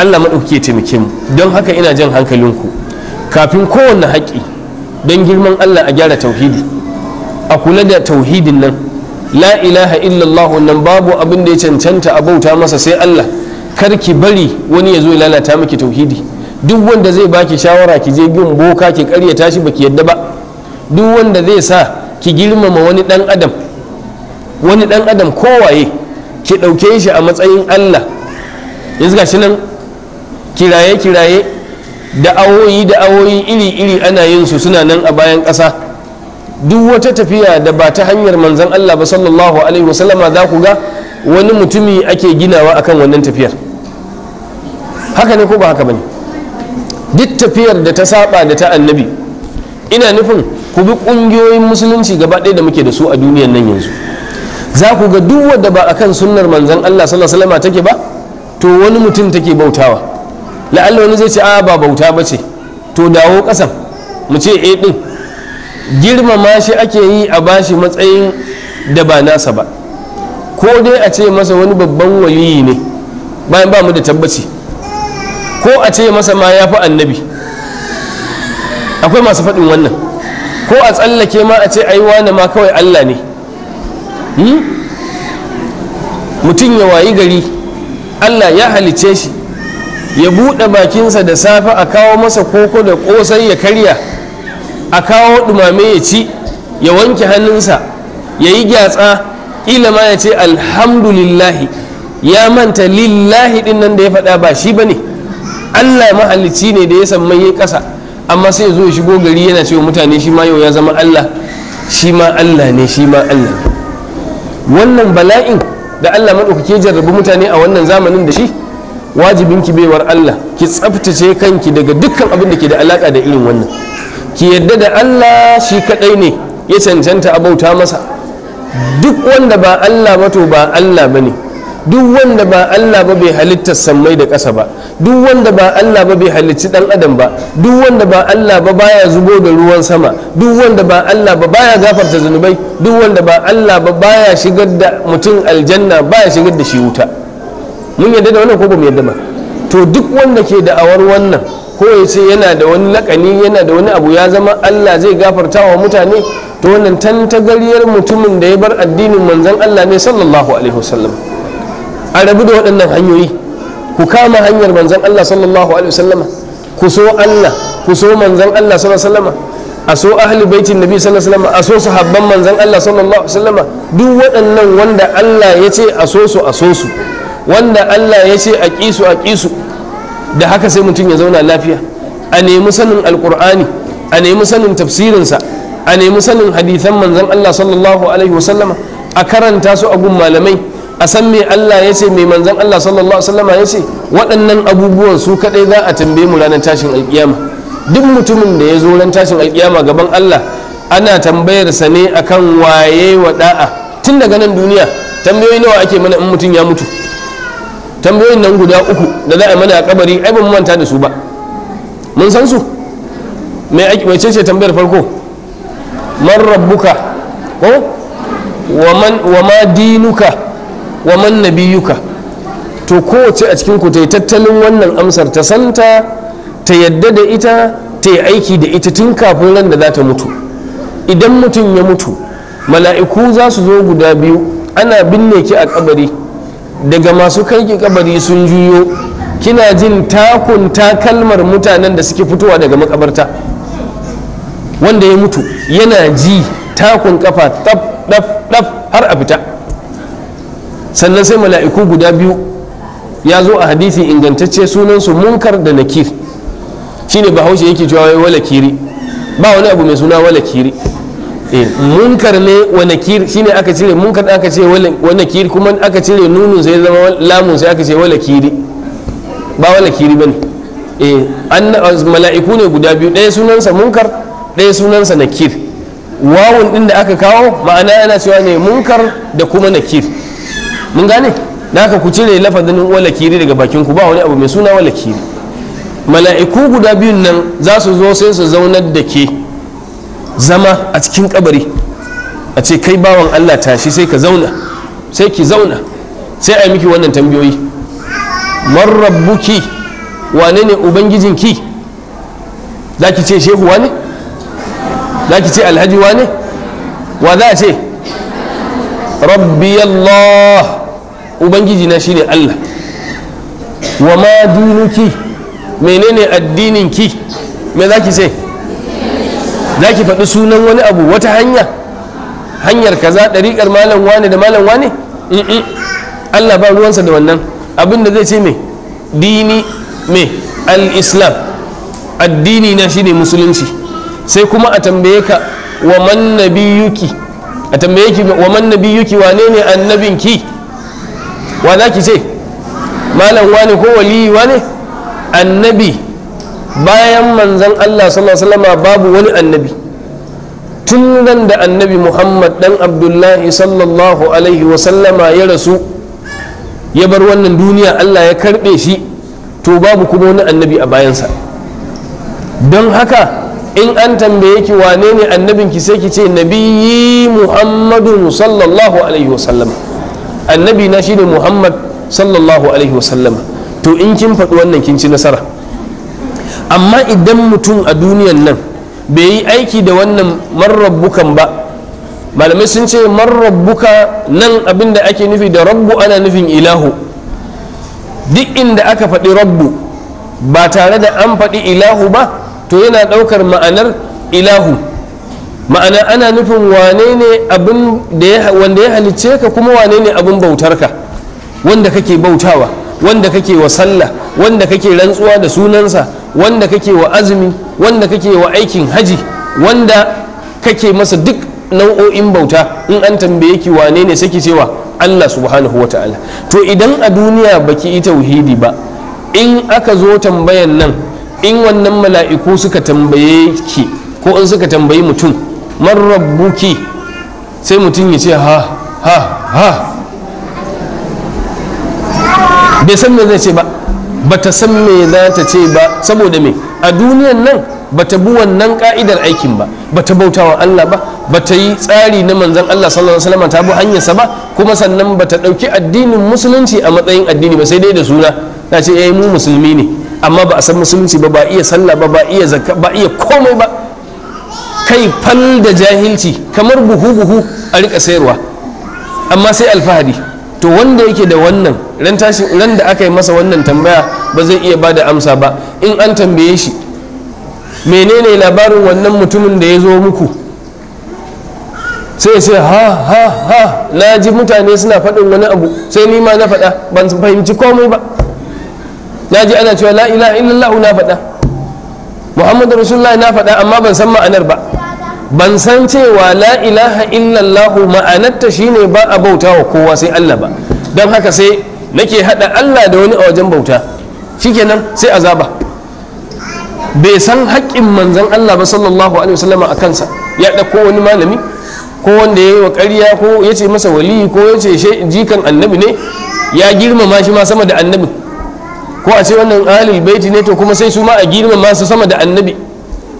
allah maɗauki taimake mu don haka ina jan hankalinku kafin kowane haƙƙi don girman Allah a gyara tauhidi a kula da tauhidin nan la ilaha illallah wannan babu abin da ya cancanta a bauta masa sai Allah kar ki bari wani ya zo ya lalata maki tauhidi duk wanda zai baki shawara ki je bin boka ki tashi shi ki yadda ba duk wanda zai sa ki girmama wani dan adam wani dan adam kowaye ki ɗauke shi a matsayin Allah yanzu ga shi nan kiraye kiraye da'awoyi da'awoyi iri-iri ana yin su suna nan a bayan ƙasa duk wata tafiya da ba ta hanyar manzan Allah ba sallallahu alaihi wasallama za ku ga wani mutumi ake ginawa akan wannan tafiyar haka ne ko ba haka bane duk tafiyar da ta saba da ta annabi ina nufin ku bi ƙungiyoyin musulunci gaba ɗaya da muke da su a duniyar nan yanzu za ku ga duk wadda ba akan sunnar manzan Allah sallallahu alaihi wasallama take ba to wani mutum take bautawa la'alla wani zai ce a ah, ba bauta ba ce to dawo kasan mu ce e ɗin girmama shi ake yi a bashi matsayin da ba nasa ba ko dai a ce masa wani babban waliyi ne bayan ba mu da tabbaci ko a ce masa ma ya fi annabi akwai masu faɗin wannan ko a tsallake ma a ce ai wane ma kawai allah ne hmm? mutum ya wayi gari allah ya halice shi ya buɗe bakinsa da safe a kawo masa koko da ƙosai ya karya a kawo ɗumame ya ci ya wanke hannunsa ya yi gyatsa ƙila ma ya ce alhamdulillahi ya manta lillahi ɗin nan da ya faɗa ba shi ba ne allah mahalicci ne da ya san mai ƙasa amma sai ya zo ya shigo gari yana cewa mutane shi ma yau ya zama allah shi ma allah ne shi ma allah wannan bala'in da allah maɗaukake jarrabu mutane a wannan zamanin da shi wajibin ki baiwar Allah ki tsaftace kanki daga dukkan abin da ke da alaka da irin wannan ki yadda da Allah shi kadai ne ya cancanta bauta masa duk wanda ba Allah ba to ba Allah bane duk wanda ba Allah ba bai halitta sammai da ƙasa ba duk wanda ba Allah ba bai halicci dan adam ba duk wanda ba Allah ba baya zubo da ruwan sama duk wanda ba Allah ba baya gafarta zunubai duk wanda ba Allah ba baya shigar da mutum aljanna baya shigar da shi wuta mun yadda da wannan ko ba mu yadda ba to duk wanda ke da'awar wannan ko ya ce yana da wani lakani yana da wani abu ya zama Allah zai gafarta wa mutane to wannan tantagaryar mutumin da ya bar addinin manzon Allah ne sallallahu alaihi wasallam a rabu da waɗannan hanyoyi ku kama hanyar manzon Allah sallallahu alaihi wasallam ku so Allah ku so manzon Allah sallallahu alaihi wasallam a so ahli baitin nabi sallallahu alaihi wasallam a so sahabban manzon Allah sallallahu alaihi wasallam duk waɗannan wanda Allah ya ce a so su a so su wanda Allah ya ce a kisu a kisu da haka sai mutum ya zauna lafiya a nemi sanin alkur'ani a nemi sanin tafsirinsa a nemi sanin hadithan manzon Allah sallallahu alaihi a karanta su a gun malamai a san me Allah ya ce me manzon Allah sallallahu alaihi ya ce waɗannan abubuwan su kaɗai za a tambaye mu ranar tashin alkiyama duk mutumin da ya zo ran tashin alkiyama gaban Allah ana tambayar sa ne akan waye wa da'a tun daga nan duniya tambayoyi nawa ake mana in mutum ya mutu tambayoyin nan guda uku da za a mana a kabari ai ban manta da su ba mun san su mai aiki mai ce tambayar farko man rabbuka ko wa ma dinuka wa man nabiyuka to kowace a cikin ku ta yi tattalin wannan amsar ta santa ta yadda da ita ta yi aiki da ita tun kafin ran da za ta mutu idan mutum ya mutu mala'iku za su zo guda biyu ana binne ki a kabari daga masu kai kabari sun juyo kina jin takun takalmar mutanen da suke fitowa daga makabarta wanda ya mutu yana ji takun kafa taf daf daf har a fita sannan sai mala'iku guda biyu ya zo a hadisi ingantacce sunansu munkar da nakir shine bahaushe yake cewa wala kiri ba wani abu mai suna wala kiri Eh, munkar ne wa nakir shine aka cire munkar aka ce wa nakir kuma aka cire nunu sai zama lamun sai aka ce wa kiri ba wa kiri bane eh an mala'iku ne guda biyu ɗaya sunansa munkar ɗaya sunansa nakir wawun din da aka kawo ma'ana yana cewa ne munkar da kuma nakir mun gane da aka ku cire lafazin wa kiri daga bakin ku ba wani abu mai suna wa kiri mala'iku guda biyun nan za su zo sai su zaunar da ke zama a cikin kabari a ce kai bawan Allah tashi sai ka zauna sai ki zauna sai a yi miki wannan tambayoyi man rabbuki wane ne ubangijinki za ki ce shehu wane za ki ce alhaji wane wa za a ce rabbi Allah ubangiji na shine Allah wa ma dinuki menene addininki me za ki ce za ki faɗi sunan wani abu wata hanya hanyar kaza ɗariƙar malam wane da malam wane Allah ba ruwansa da wannan abin da zai ce mai dini mai al-islam addini na shine musulunci sai kuma a tambaye ka wa man nabiyuki a tambaye ki wa man wane ne annabin-ki wa za ki ce malam wane ko waliyi wane annabi bayan manzan Allah sallallahu babu wani annabi tun nan da annabi Muhammad dan Abdullahi sallallahu alaihi wasallama ya rasu ya bar wannan duniya Allah ya karɓe shi to babu kuma wani annabi a bayansa don haka in an tambaye ki wane ne annabin ki sai ki ce nabiyyi Muhammadu sallallahu alaihi wasallama annabi na shine Muhammad sallallahu alaihi wasallama to in kin faɗi wannan kin ci nasara amma idan mutum a duniyan nan bai yi aiki da wannan marrabbukan ba malamai sun ce marrabbuka nan abinda ake nufi da rabbu ana nufin ilahu duk inda aka faɗi rabbu ba tare da an faɗi ilahu ba to yana ɗaukar ma'anar ilahu ma'ana ana nufin wane ne abin wanda ya halicce ka kuma wane ne abin bautarka wanda kake bautawa wanda kake wa sallah wanda kake rantsuwa da sunansa wanda kake wa azumi wanda kake wa aikin haji wanda kake masa duk nau'o'in bauta in an tambaye ki wane ne saki cewa Allah subhanahu wa to idan a duniya baki yi tauhidi ba in aka zo tambayan nan in wannan mala'iku suka tambaye ki ko in suka tambayi mutum man rabbuki sai mutum ya ce ha ha ha bai san me zai ce ba bata san me za ta ce ba saboda me a duniyan nan bata bi wannan ka'idar aikin ba bata bauta wa Allah ba bata yi tsari na manzon Allah sallallahu alaihi wasallam ta bi hanyarsa ba kuma sannan bata dauki addinin musulunci a matsayin addini ba sai dai da suna ta ce eh mu musulmi ne amma ba a san musulunci ba ba iya sallah ba ba iya zakka ba iya komai ba kai fal da jahilci kamar buhu buhu a rika sayarwa amma sai alfahari to wanda yake da wannan ran da aka yi masa wannan tambaya ba zai iya bada amsa ba in an tambaye shi menene labarin wannan mutumin da ya zo muku sai sai ha ha ha na ji mutane suna faɗin wani abu sai ni ma na faɗa ban fahimci komai ba na ji ana cewa la ilaha illallah na faɗa muhammadu rasulullahi na faɗa amma ban san ma'anar ba ban san cewa la ilaha illallah ma'anarta shine ba a bauta wa kowa sai allah ba don haka sai nake haɗa allah da wani a wajen bauta shikenan sai azaba bai san haƙƙin manzan Allah ba sallallahu alaihi wasallama a kansa ya ɗauko wani malami ko wanda ya yi wa ƙarya ko ya ce masa wali ko ya ce jikan annabi ne ya girmama shi ma sama da annabi ko a ce wannan ahlul baiti ne to kuma sai su ma a girmama su sama da annabi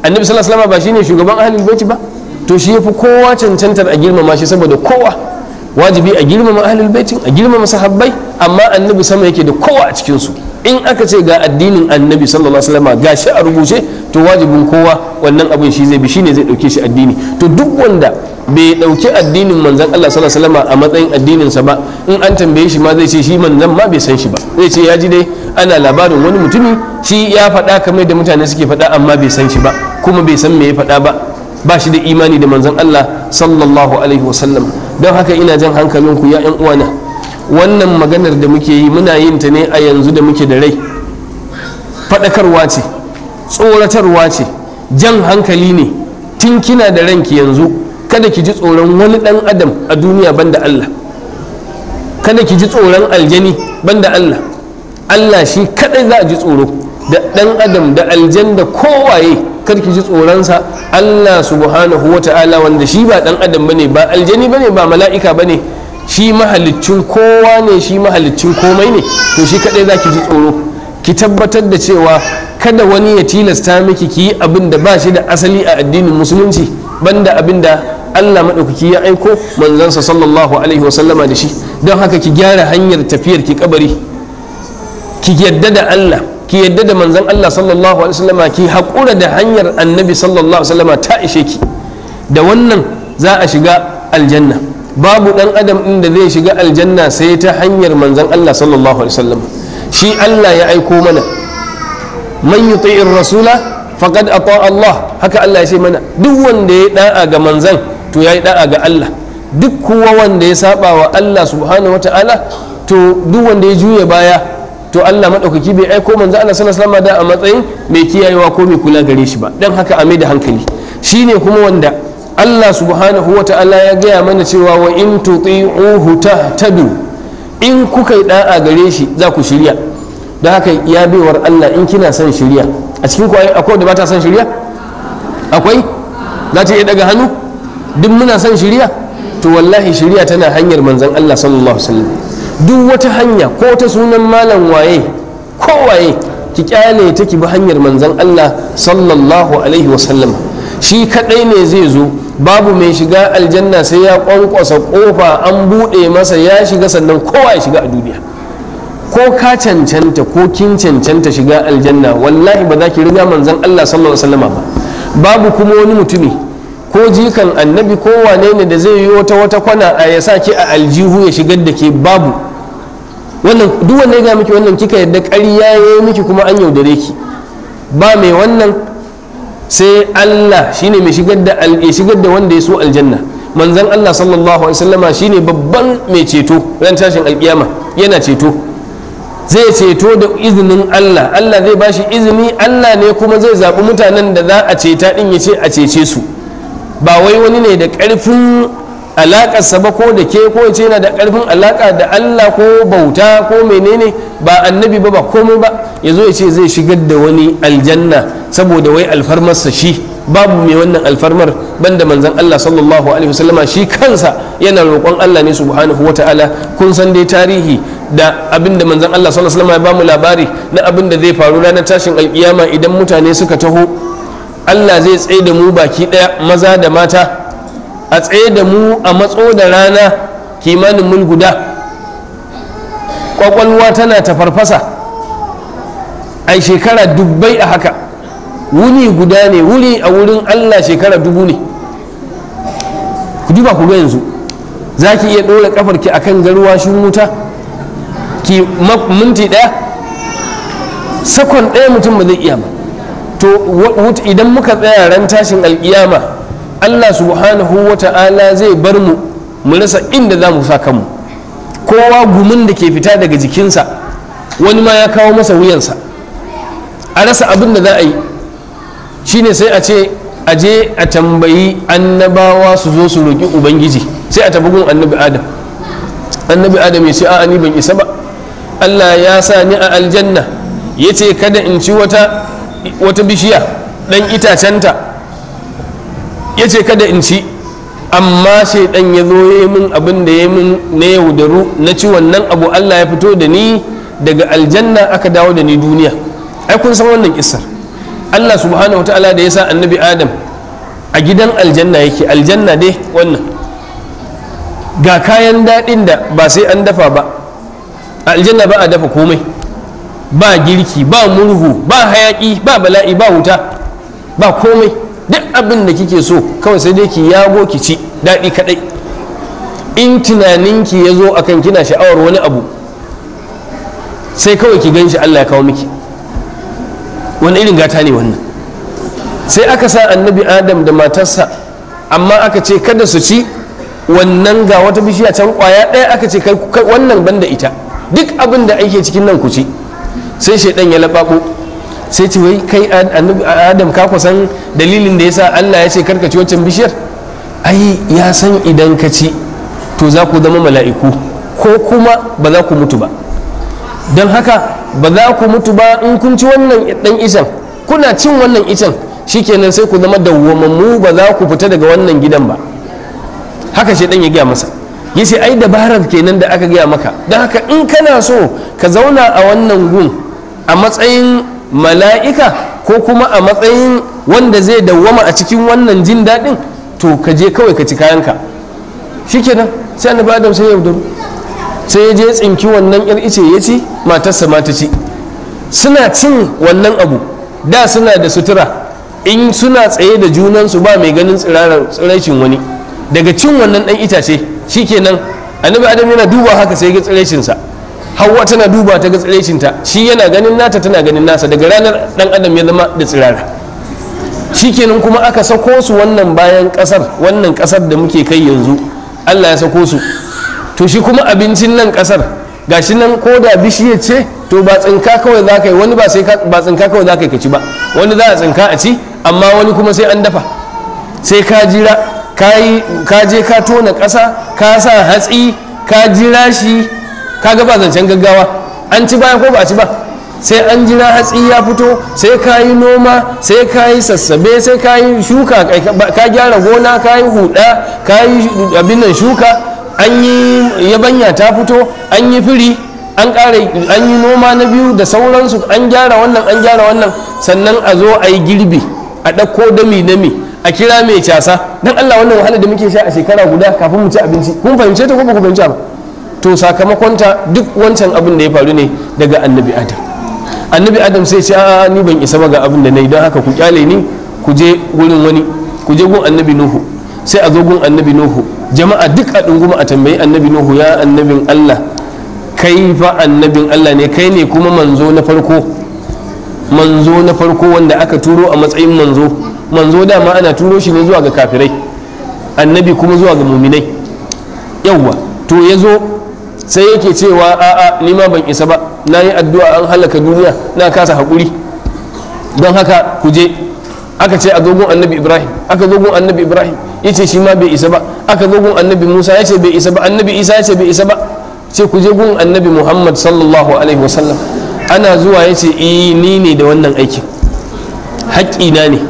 annabi sallallahu alaihi ba shine shugaban ahlul baiti ba to shi ya fi kowa cancantar a girmama shi saboda kowa wajibi a girmama ahlul baitin a girmama sahabbai amma annabi sama yake da kowa a cikin su in aka ce ga addinin annabi sallallahu alaihi wasallam ga shi a rubuce to wajibin kowa wannan abin shi zai bi ne zai dauke shi addini to duk wanda bai dauki addinin manzon Allah sallallahu alaihi wasallam a matsayin addinin sa ba in an tambaye shi ma zai ce shi manzon ma bai san shi ba zai ce ya ji dai ana labarin wani mutumi shi ya faɗa kamar da mutane suke faɗa amma bai san shi ba kuma bai san me ya faɗa ba ba shi da imani da manzon Allah sallallahu alaihi wasallam don haka ina jan hankalinku ya 'yan uwana wannan maganar da muke yi muna yin ta ne a yanzu da muke da rai faɗakarwa ce tsoratarwa ce jan hankali ne tun kina da ranki yanzu kada ki ji tsoron wani ɗan adam a duniya banda Allah kada ki ji tsoron aljani banda Allah Allah shi kadai za a ji tsoro da ɗan adam da aljan da kowaye kar ki ji tsoronsa Allah subhanahu wa ta'ala wanda shi ba ɗan adam bane ba aljani bane ba mala'ika bane shi mahalicin kowa ne shi mahalicin komai ne to shi kadai za ki ji tsoro ki tabbatar da cewa kada wani ya tilasta miki ki yi abin da ba shi da asali a addinin musulunci banda abin da Allah ya aiko manzansa sallallahu alaihi wasallama da shi don haka ki gyara hanyar tafiyar ki kabari ki yadda da Allah ki yadda da manzan Allah sallallahu alaihi wasallama ki haƙura da hanyar annabi sallallahu alaihi wasallama ta ishe ki da wannan za a shiga aljanna babu dan adam din da zai shiga aljanna sai ta hanyar manzon Allah sallallahu alaihi wasallam shi Allah ya aiko mana man yuti'ir rasula faqad ata Allah haka Allah ya ce mana duk wanda ya da'a ga manzon to yayi da'a ga Allah duk kowa wanda ya saba wa Allah subhanahu wataala to duk wanda ya juya baya to Allah madaukaki bai aiko manzo Allah sallallahu alaihi wasallam da a matsayin mai kiyayewa ko mai kula gare shi ba dan haka a mai da hankali shine kuma wanda Allah subhanahu wa ta'ala ya gaya mana cewa wa in tuti'uhu tabi in kuka yi da'a gare shi za ku shirya da haka ya baiwar Allah in kina son shirya a cikin ku akwai da ba ta son shirya akwai za ta iya daga hannu duk muna son shirya to wallahi shirya tana hanyar manzon Allah sallallahu alaihi wasallam duk wata hanya ko ta sunan malam waye ko waye ki kyale ta ki bi hanyar manzon Allah sallallahu alaihi wasallam shi kadai ne zai zo babu mai shiga aljanna sai ya kwankwasa kofa an buɗe masa ya shiga sannan kowa ya shiga a duniya ko ka cancanta ko kin cancanta shiga aljanna wallahi ba za ki riga manzon Allah sallallahu alaihi wasallama ba babu kuma wani mutumi ko jikan annabi ko wane ne da zai yi wata wata kwana a ya sa ki a aljihu ya shigar da ke babu wannan duk wanda ya ga miki wannan kika yadda ƙarya ya yi miki kuma an yaudare ki ba mai wannan sai Allah shine mai shigar da wanda ya so aljanna manzon Allah sallallahu alaihi wasallama shine babban mai ceto ran tashin alkiyama yana ceto zai ceto da izinin Allah Allah zai bashi izini Allah ne kuma zai zaɓi mutanen da za a ceta din ya ce a cece su ba wai wani ne da ƙarfin sa ba ko da ke ko ce yana da ƙarfin alaƙa da Allah ko bauta ko menene ba annabi ba ba komai ba ya zo ya ce zai shigar da wani aljanna saboda wai alfarmarsa shi babu mai wannan alfarmar banda manzon Allah sallallahu alaihi wasallama shi kansa yana roƙon Allah ne subhanahu wata'ala kun san dai tarihi da abin da manzon Allah sallallahu alaihi wasallam ya bamu labari na abin da zai faru ranar tashin alkiyama idan mutane suka taho Allah zai tsaye da mu baki ɗaya maza da mata a tsaye da mu a matso da rana kimanin mul guda kwakwalwa tana ta farfasa a shekara dubbai a haka wuni guda ne wuri a wurin allah shekara dubu ne ku duba ku yanzu za ki iya ɗora ƙafarki a kan garwashin wuta ki minti ɗaya sakon ɗaya mutum ba zai iya ba to idan muka tsaya ran tashin alkiyama Allah subhanahu wa ta'ala zai bar mu mu rasa inda za mu sa kanmu kowa gumin da ke fita daga jikinsa wani ma ya kawo masa wuyansa a rasa abin da za a yi shine sai a ce a je a tambayi annabawa su zo su roƙi ubangiji sai a tafi gun annabi adam annabi adam ya ce a'a ni ban isa ba Allah ya sa ni a aljanna ya ce kada in ci wata bishiya ɗan itacenta ya ce kada in ci amma sai dan ya zo ya min abin da ya min na yau da ru na ci wannan abu Allah ya fito da ni daga aljanna aka dawo da ni duniya ai kun san wannan kissar Allah subhanahu wa ta'ala da ya sa annabi Adam a gidan aljanna yake aljanna dai wannan ga kayan daɗin da ba sai an dafa ba a aljanna ba a dafa komai ba girki ba murhu ba hayaki ba bala'i ba wuta ba komai duk abin da kike so kawai sai dai ki yabo ki ci daɗi kaɗai in tunaninki ya zo akan kina sha'awar wani abu sai kawai ki gan shi Allah ya kawo miki wani irin gata ne wannan sai aka sa annabi adam da matarsa amma aka ce kada su ci wannan ga wata bishiya can kwaya ɗaya aka ce wannan banda ita duk abin da ake cikin nan ku ci sai shaidan ya laɓaɓo sai ce wai kai adam ka kusan dalilin da ya sa Allah ya ce karka ci waccan bishiyar ai ya san idan ka ci to za ku zama mala'iku ko kuma ba za ku mutu ba don haka ba za ku mutu ba in kun ci wannan dan isan kuna cin wannan isan shikenan sai ku zama dawwamammu ba za ku fita daga wannan gidan ba haka shi dan ya gaya masa ya ce ai dabarar kenan da aka gaya maka don haka in kana so ka zauna a wannan gun a matsayin mala'ika ko kuma a matsayin wanda zai dawwama a cikin wannan jin daɗin to ka je kawai ka ci kayanka shikenan sai annabi adam sai ya yaudaru sai ya je tsinki wannan yar ice ya ci matarsa ma ta ci suna cin wannan abu da suna da sutura in suna tsaye da junansu ba mai ganin tsiraicin wani daga cin wannan ɗan itace shi kenan annabi adam yana duba haka sai ga tsiraicinsa hawa tana duba ta ga tsirecinta shi yana ganin nata tana ganin nasa daga ranar dan adam ya zama da tsirara shikenan kuma aka sako su wannan bayan kasar wannan kasar da muke kai yanzu Allah ya sako su to shi kuma abincin nan kasar gashi nan ko da bishiyar ce to ba tsinka kawai za ka yi wani ba sai ba tsinka kawai za ka yi ka ci ba wani za a tsinka a ci amma wani kuma sai an dafa sai ka jira ka je ka tona ƙasa ka sa hatsi ka jira shi kaga ba zancen gaggawa an ci baya ko ba a ci ba sai an jira hatsi ya fito sai ka yi noma sai ka yi sassabe sai ka yi shuka ka gyara gona ka yi huda ka yi abin nan shuka an yi yabanya ta fito an yi firi an ƙara an yi noma na biyu da sauransu an gyara wannan an gyara wannan sannan a zo a yi girbi a ɗauko dami dami a kira mai casa don allah wannan wahala da muke sha a shekara guda kafin mu ci abinci kun fahimce ta ko ba ku fahimce ba to sakamakonta duk wancan abin da ya faru ne daga annabi adam annabi adam sai ce a ni ban isa ba ga abin da na yi don haka ku kyale ni ku je wurin wani ku je gun annabi nuhu sai a zo gun annabi nuhu jama'a duk a ɗunguma a tambayi annabi nuhu ya annabin allah kai fa annabin allah ne kai ne kuma manzo na farko manzo na farko wanda aka turo a matsayin manzo manzo dama ana turo shi ne zuwa ga kafirai annabi kuma zuwa ga muminai yawwa to ya zo sai yake cewa a'a ni ma ban isa ba na yi addu'a an halaka duniya na kasa haƙuri don haka ku je aka ce a zogon annabi ibrahim aka zogon annabi ibrahim ya ce shi ma bai isa ba aka zogon annabi musa ya ce bai isa ba annabi isa ya ce bai isa ba ce ku je gun annabi muhammad sallallahu alaihi wasallam ana zuwa ya ce eh ni ne da wannan aikin haƙƙina ne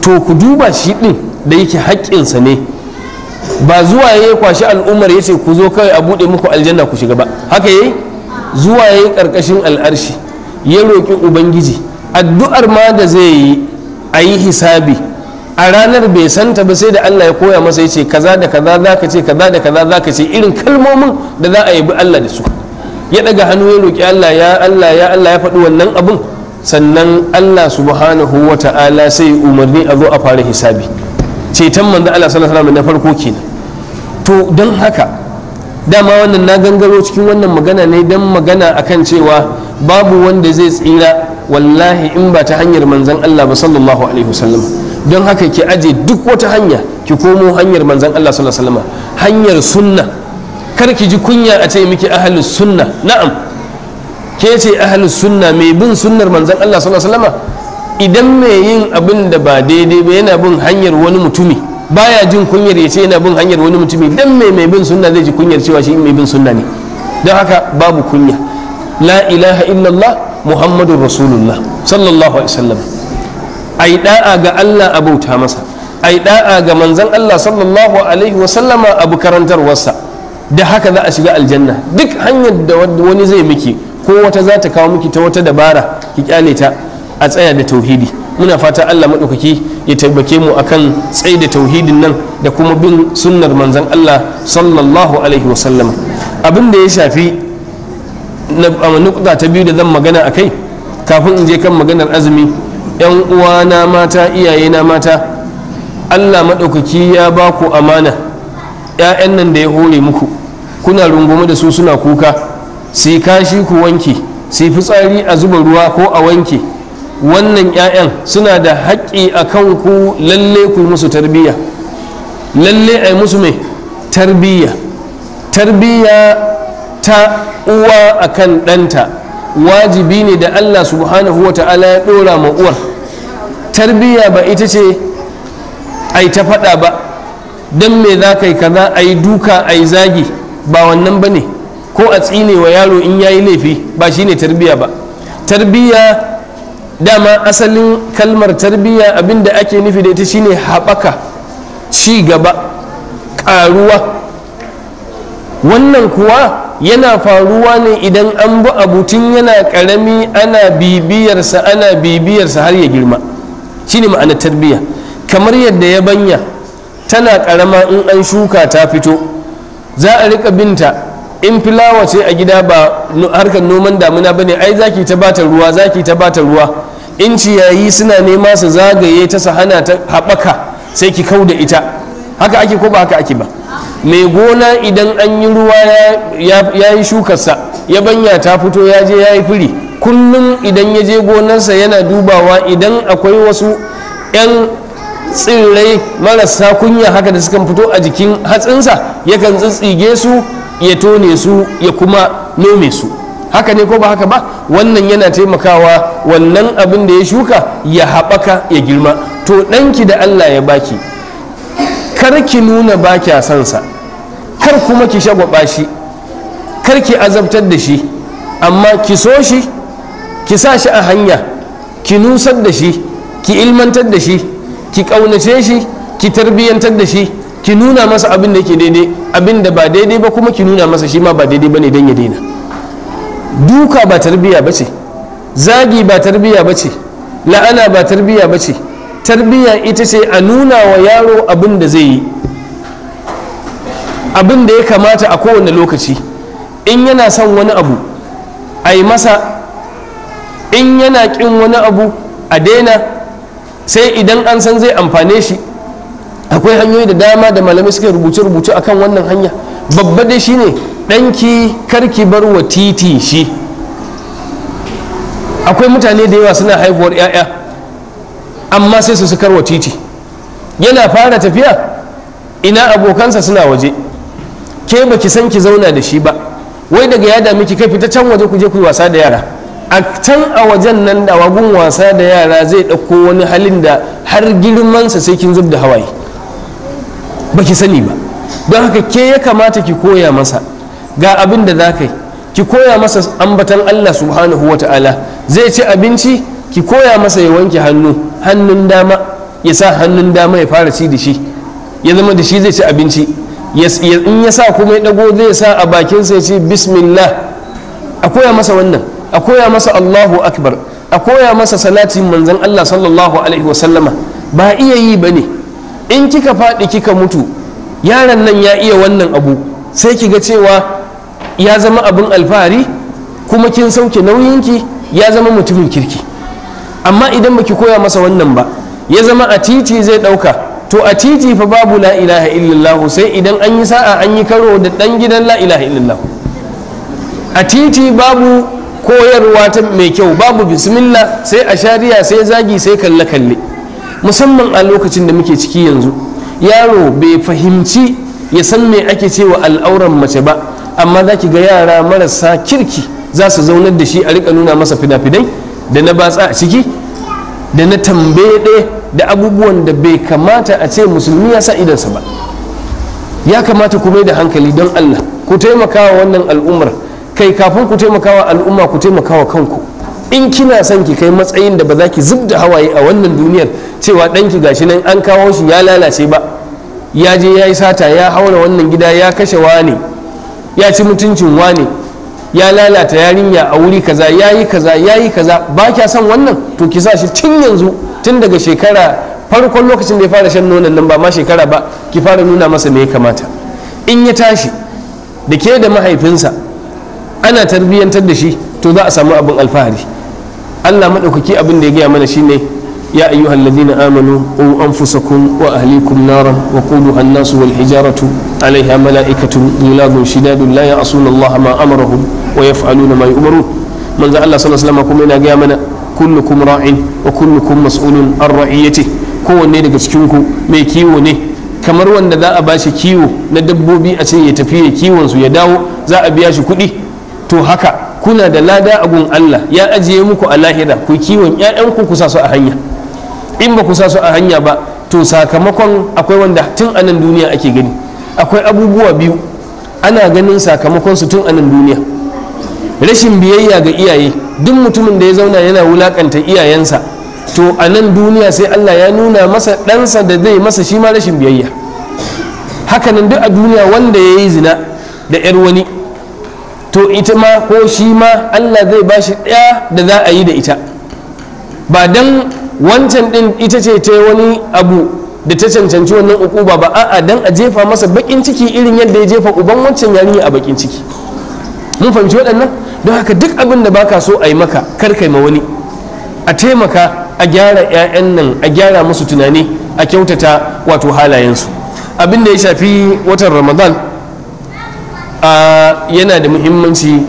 to ku duba shi ɗin da yake haƙƙinsa ne ba zuwa ya yi kwashi al'ummar ya ce ku zo kawai a bude muku aljanna ku shiga ba haka yi zuwa ya yi karkashin al'arshi ya roƙi ubangiji addu'ar ma da zai yi a yi hisabi a ranar bai santa ba sai da Allah ya koya masa ya ce kaza da kaza za ka ce kaza da kaza za ka ce irin kalmomin da za a yabi Allah da su ya daga hannu ya roƙi Allah ya Allah ya Allah ya faɗi wannan abun sannan Allah subhanahu wa ta'ala sai umarni a zo a fara hisabi ceton manzo Allah sallallahu alaihi wasallam na farko kenan to don haka dama wannan na gangaro cikin wannan magana ne don magana akan cewa babu wanda zai tsira wallahi in ba ta hanyar manzon Allah ba sallallahu alaihi wasallam don haka ki aje duk wata hanya ki komo hanyar manzon Allah sallallahu alaihi wasallam hanyar sunna kar ki ji kunya a ce miki ahlus sunna na'am ke ce ahlus sunna mai bin sunnar manzon Allah sallallahu alaihi wasallam idan mai yin abin da ba daidai ba yana bin hanyar wani mutumi baya jin kunyar ya ce yana bin hanyar wani mutumi dan mai mai bin sunna zai ji kunyar cewa shi mai bin sunna ne don haka babu kunya la ilaha illallah muhammadur rasulullah sallallahu alaihi wasallam ai da'a ga Allah a masa ai da'a ga manzon Allah sallallahu alaihi wasallama abu karantarwarsa da haka za a shiga aljanna duk hanyar da wani zai miki ko wata za ta kawo miki ta wata dabara ki kyale ta a tsaya da tauhidi muna fata Allah maɗaukaki ya taimake mu akan tsaye da tauhidin nan da kuma bin sunnar manzan Allah sallallahu alaihi wasallama abin da ya shafi nukta ta biyu da zan magana a kai kafin in je kan maganar azumi yan uwana mata iyaye na mata Allah maɗaukaki ya ba ku amana ‘ya'yan nan da ya hore muku kuna rungume da su suna kuka sai kashi ku wanke sai fitsari a zuba ruwa ko a wanke wannan 'ya'yan suna da haƙƙi a kan ku lalle ku musu tarbiyya lalle a musu mai tarbiyya tarbiyya ta uwa a kan ɗanta wajibi ne da allah subhanahu wa ta'ala ya ɗora ma uwar tarbiyya ba ita ce a ta faɗa ba don me za ka yi kaza a yi duka a yi zagi ba wannan ba ne ko a tsinewa yaro in ya yi laifi ba shine tarbiyya ba tarbiyya dama asalin kalmar tarbiyya abinda ake nufi da ita shine haɓaka ci gaba ƙaruwa wannan kuwa yana faruwa ne idan an bi abutun yana ƙarami ana bibiyarsa ana bibiyarsa har ya girma shine ma'ana tarbiyya kamar yadda ya banya tana ƙarama in an shuka ta fito za a riƙa binta in filawa ce a gida ba harkar noman damina ne. ai zaki ta bata ruwa zaki ta bata ruwa in ciyayi suna nema su zagaye ta su hana ta haɓaka sai ki kau da ita haka ake ko ba haka ake ba mai gona idan an yi ruwa ya yi shukarsa ya banya ta fito ya je ya yi firi kullum idan ya je gonarsa yana dubawa idan akwai wasu 'yan tsirrai marasa kunya haka da sukan fito a jikin hatsinsa yakan tsitsige su ya tone su ya kuma nome su haka ne ko ba haka ba wannan yana taimakawa wannan abin da ya shuka ya haɓaka ya girma to ɗanki da allah ya baki kar ki nuna ba kya sansa sa kar kuma ki shagwaba shi kar ki azabtar da shi amma ki so shi ki sa shi a hanya ki nusar da shi ki ilmantar da shi ki ƙaunace shi ki tarbiyyantar da shi ki nuna masa abin da yake daidai abin da ba daidai ba kuma ki nuna masa shi ma ba daidai ba ne don ya daina duka ba tarbiya ba ce zagi ba tarbiya ba ce la'ana ba tarbiya ba ce tarbiya ita ce a nuna wa yaro abin da zai yi abin da ya kamata a kowane lokaci in yana son wani abu a yi masa in yana ƙin wani abu a daina sai idan an san zai amfane shi akwai hanyoyi da dama da malamai suka rubuce rubuce a kan wannan hanya babba dai shine ɗanki karki bar wa titi shi akwai mutane da yawa suna haihuwar 'ya'ya amma sai su su wa titi yana fara tafiya ina abokansa suna waje ke ba ki san ki zauna da shi ba wai daga yada miki ki kai fita can waje ku je ku wasa da yara a can a wajen nan da wagun wasa da yara zai ɗauko wani halin da har girmansa sai kin zub da hawaye baki sani ba don haka ke ya kamata ki koya masa ga abin da za ka yi ki koya masa ambatan Allah subhanahu wata'ala zai ci abinci ki koya masa ya wanke hannu hannun dama ya sa hannun dama ya fara ci da shi ya zama da shi zai ci abinci in ya sa kuma ya dago zai sa a bakinsa ya ce bismillah a koya masa wannan a koya masa Allahu akbar a koya masa salatin manzan Allah sallallahu alaihi wasallama ba iya yi ba ne. in kika faɗi kika mutu yaron nan ya iya wannan abu sai kiga cewa ya zama abin alfahari kuma kin sauke nauyinki ya zama mutumin kirki amma idan baki koya masa wannan ba ya zama a titi zai ɗauka to a titi fa babu la ilaha illallah sai idan an yi sa'a an yi karo da ɗan gidan la ilaha illallah a titi babu koyarwa ta mai kyau babu bismillah sai a shari'a sai zagi sai kalle-kalle musamman a lokacin da muke ciki yanzu yaro bai fahimci ya san me ake cewa al'auran mace ba amma za ki ga yara marasa kirki za su zaunar da shi a rika nuna masa fina-finai da na batsa a ciki da na tambaye ɗaya da abubuwan da bai kamata a ce musulmi ya sa idansa ba ya kamata ku mai da hankali don allah ku taimakawa wannan al'ummar kai kafin ku taimakawa al'umma ku taimakawa kanku in kina son ki kai matsayin da ba za ki zub da hawaye a wannan duniyar cewa ɗanki gashi nan an kawo shi ya lalace ba ya je ya yi sata ya haura wannan gida ya kashe wane ya ci mutuncin wane ya lalata yarinya a wuri kaza ya yi kaza ya yi kaza ba kya son wannan to ki sa shi tun yanzu tun daga shekara farkon lokacin da ya fara shan nonon nan ba ma shekara ba ki fara nuna masa me ya kamata in ya tashi da ke da mahaifinsa ana tarbiyyantar da shi to za a samu abin alfahari Allah maɗaukaki abin da ya gaya mana shine ya ayyuhal ladina amanu qu anfusakum wa ahlikum Nara wa quduha an-nas wal hijaratu alaiha mala'ikatun ghiladun shidadun la ya'suna Allah ma amarahum wa yaf'aluna ma manzo Allah sallallahu alaihi wasallam kuma yana gaya mana kullukum ra'in wa kullukum mas'ulun an ra'iyati kowanne daga cikin ku mai kiwo ne kamar wanda za a bashi kiwo na dabbobi a ce ya tafi ya kiwon su ya dawo za a biya shi kuɗi to haka kuna da lada a gun Allah ya ajiye muku a lahira ku kiwon ƴaƴanku ku sa su a hanya in ba ku sa su a hanya ba to sakamakon akwai wanda tun anan nan duniya ake gani akwai abubuwa biyu ana ganin sakamakon su tun anan duniya rashin biyayya ga iyaye duk mutumin da ya zauna yana wulakanta iyayensa to a nan duniya sai Allah ya nuna masa ɗansa da zai masa shi ma rashin biyayya hakanan duk a duniya wanda ya yi zina da 'yar wani to ita ma ko shi ma Allah zai ba shi ɗaya da za a yi da ita ba dan wancan ɗin ita ce ta wani abu da ta cancanci wannan ukuba ba ba a'a dan a jefa masa bakin ciki irin yadda ya jefa uban wancan yarinya a bakin ciki mun fahimci waɗannan don haka duk abin da baka so a yi maka kar kai ma wani a taimaka a gyara 'ya'yan nan a gyara musu tunani a kyautata wato halayensu abin da ya shafi watan ramadan yana da muhimmanci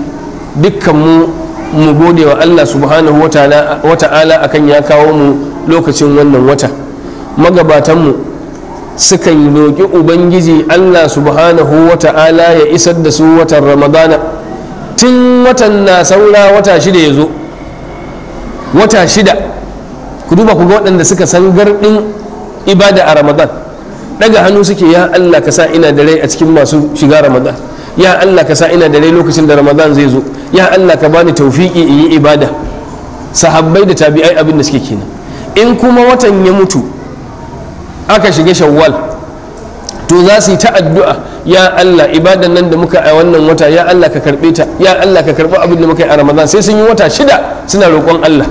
dukkan mu mu gode wa Allah subhanahu wa ta'ala akan ya kawo mu lokacin wannan wata magabatanmu sukan roƙi ubangiji Allah subhanahu wa ta'ala ya isar da su watan ramadana tun watan na saura wata shida ya zo wata shida ku duba ku ga waɗanda suka san garɗin ibada a ramadan ɗaga hannu suke ya Allah ka sa ina da rai a cikin masu shiga ramadan ya Allah ka sa ina da rai lokacin da ramadan zai zo ya Allah ka bani taufiki in yi ibada sahabbai da tabi'ai abin da suke kenan in kuma watan ya mutu aka shiga shawwal to za su yi ta addu'a ya Allah ibadan nan da muka a wannan wata ya Allah ka karbe ta ya Allah ka karbi abin da muka yi a ramadan sai sun yi wata shida suna roƙon Allah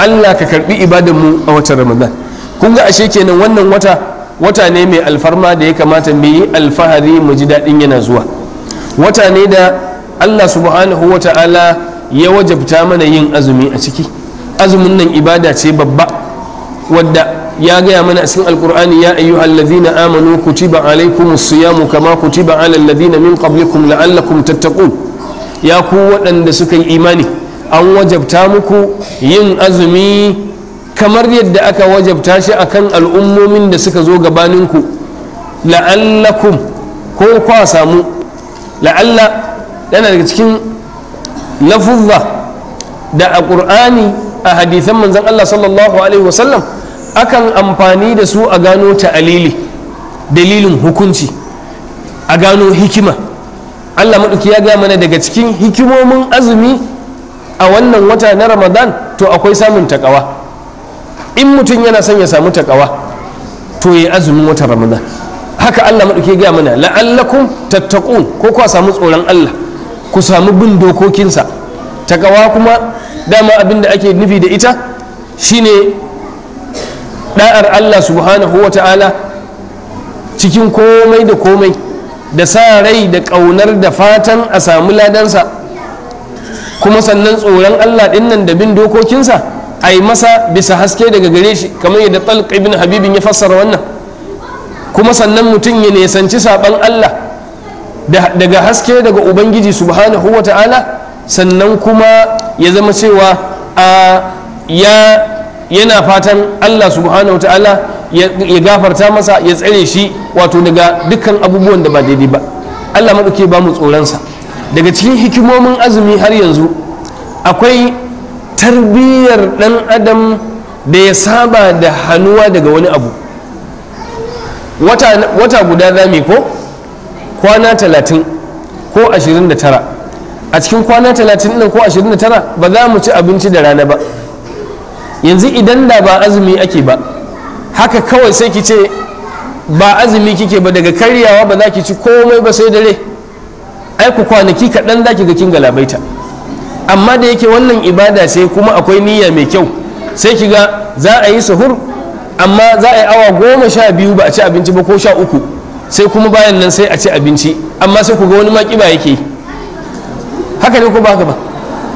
Allah ka karbi ibadan mu a watan ramadan kun ga ashe kenan wannan wata wata ne mai alfarma da ya kamata mu yi alfahari mu ji daɗin yana zuwa wata ne da Allah subhanahu wa ta'ala ya wajabta mana yin azumi a ciki azumin nan ibada ce babba wadda ya gaya mana a cikin alkur'ani ya ayyu allazina amanu kutiba alaikumus siyamu kama kutiba alal ladina min qablikum la'allakum tattaqun ya ku waɗanda suka yi imani an wajabta muku yin azumi kamar yadda aka wajabta shi akan al'ummomin da suka zo gabaninku la'allakum ko kwa samu la'alla yana daga cikin lafuzza da a ƙur'ani a hadithan manzan Allah sallallahu alaihi wasallam akan amfani da su a gano ta'alili dalilin hukunci a gano hikima Allah maɗauki ya gaya mana daga cikin hikimomin azumi a wannan wata na ramadan to akwai samun takawa in mutum yana son ya samu takawa to ya azumin wata ramadan haka Allah maɗauke gaya mana la'allakun tattaqun ko kuwa samu tsoron Allah ku samu bin dokokinsa takawa kuma dama abin da ake nufi da ita shine da'ar Allah subhanahu wa ta'ala cikin komai da komai da sa rai da ƙaunar da fatan a samu ladansa kuma sannan tsoron Allah ɗin nan da bin dokokinsa a yi masa bisa haske daga gare shi kamar yadda talq ibn habibin ya fassara wannan kuma sannan mutum ya nesanci saɓan Allah daga haske daga Ubangiji subhanahu wa ta'ala sannan kuma ya zama cewa a ya yana fatan Allah subhanahu wa ta'ala ya gafarta masa ya tsare shi wato daga dukkan abubuwan da ba daidai ba Allah maɗauke ba mu tsoronsa daga cikin hikimomin azumi har yanzu akwai tarbiyyar ɗan adam da ya saba da hannuwa daga wani abu wata guda zami ko kwana talatin ko ashirin da tara a cikin kwana talatin nan ko ashirin da tara ba za mu ci abinci da rana ba yanzu idan da ba azumi ake ba haka kawai sai ki ce ba azumi kike ba daga karyawa ba za ki ci komai ba sai dare ai ku kwanaki kaɗan za ki ga kin galabaita amma da yake wannan ibada sai kuma akwai niyya mai kyau sai ki ga za a yi suhur amma za a yi awa goma sha biyu ba a ci abinci ba ko sha uku sai kuma bayan nan sai a ci abinci amma sai ku ga wani maki ba yake haka ne ko ba haka ba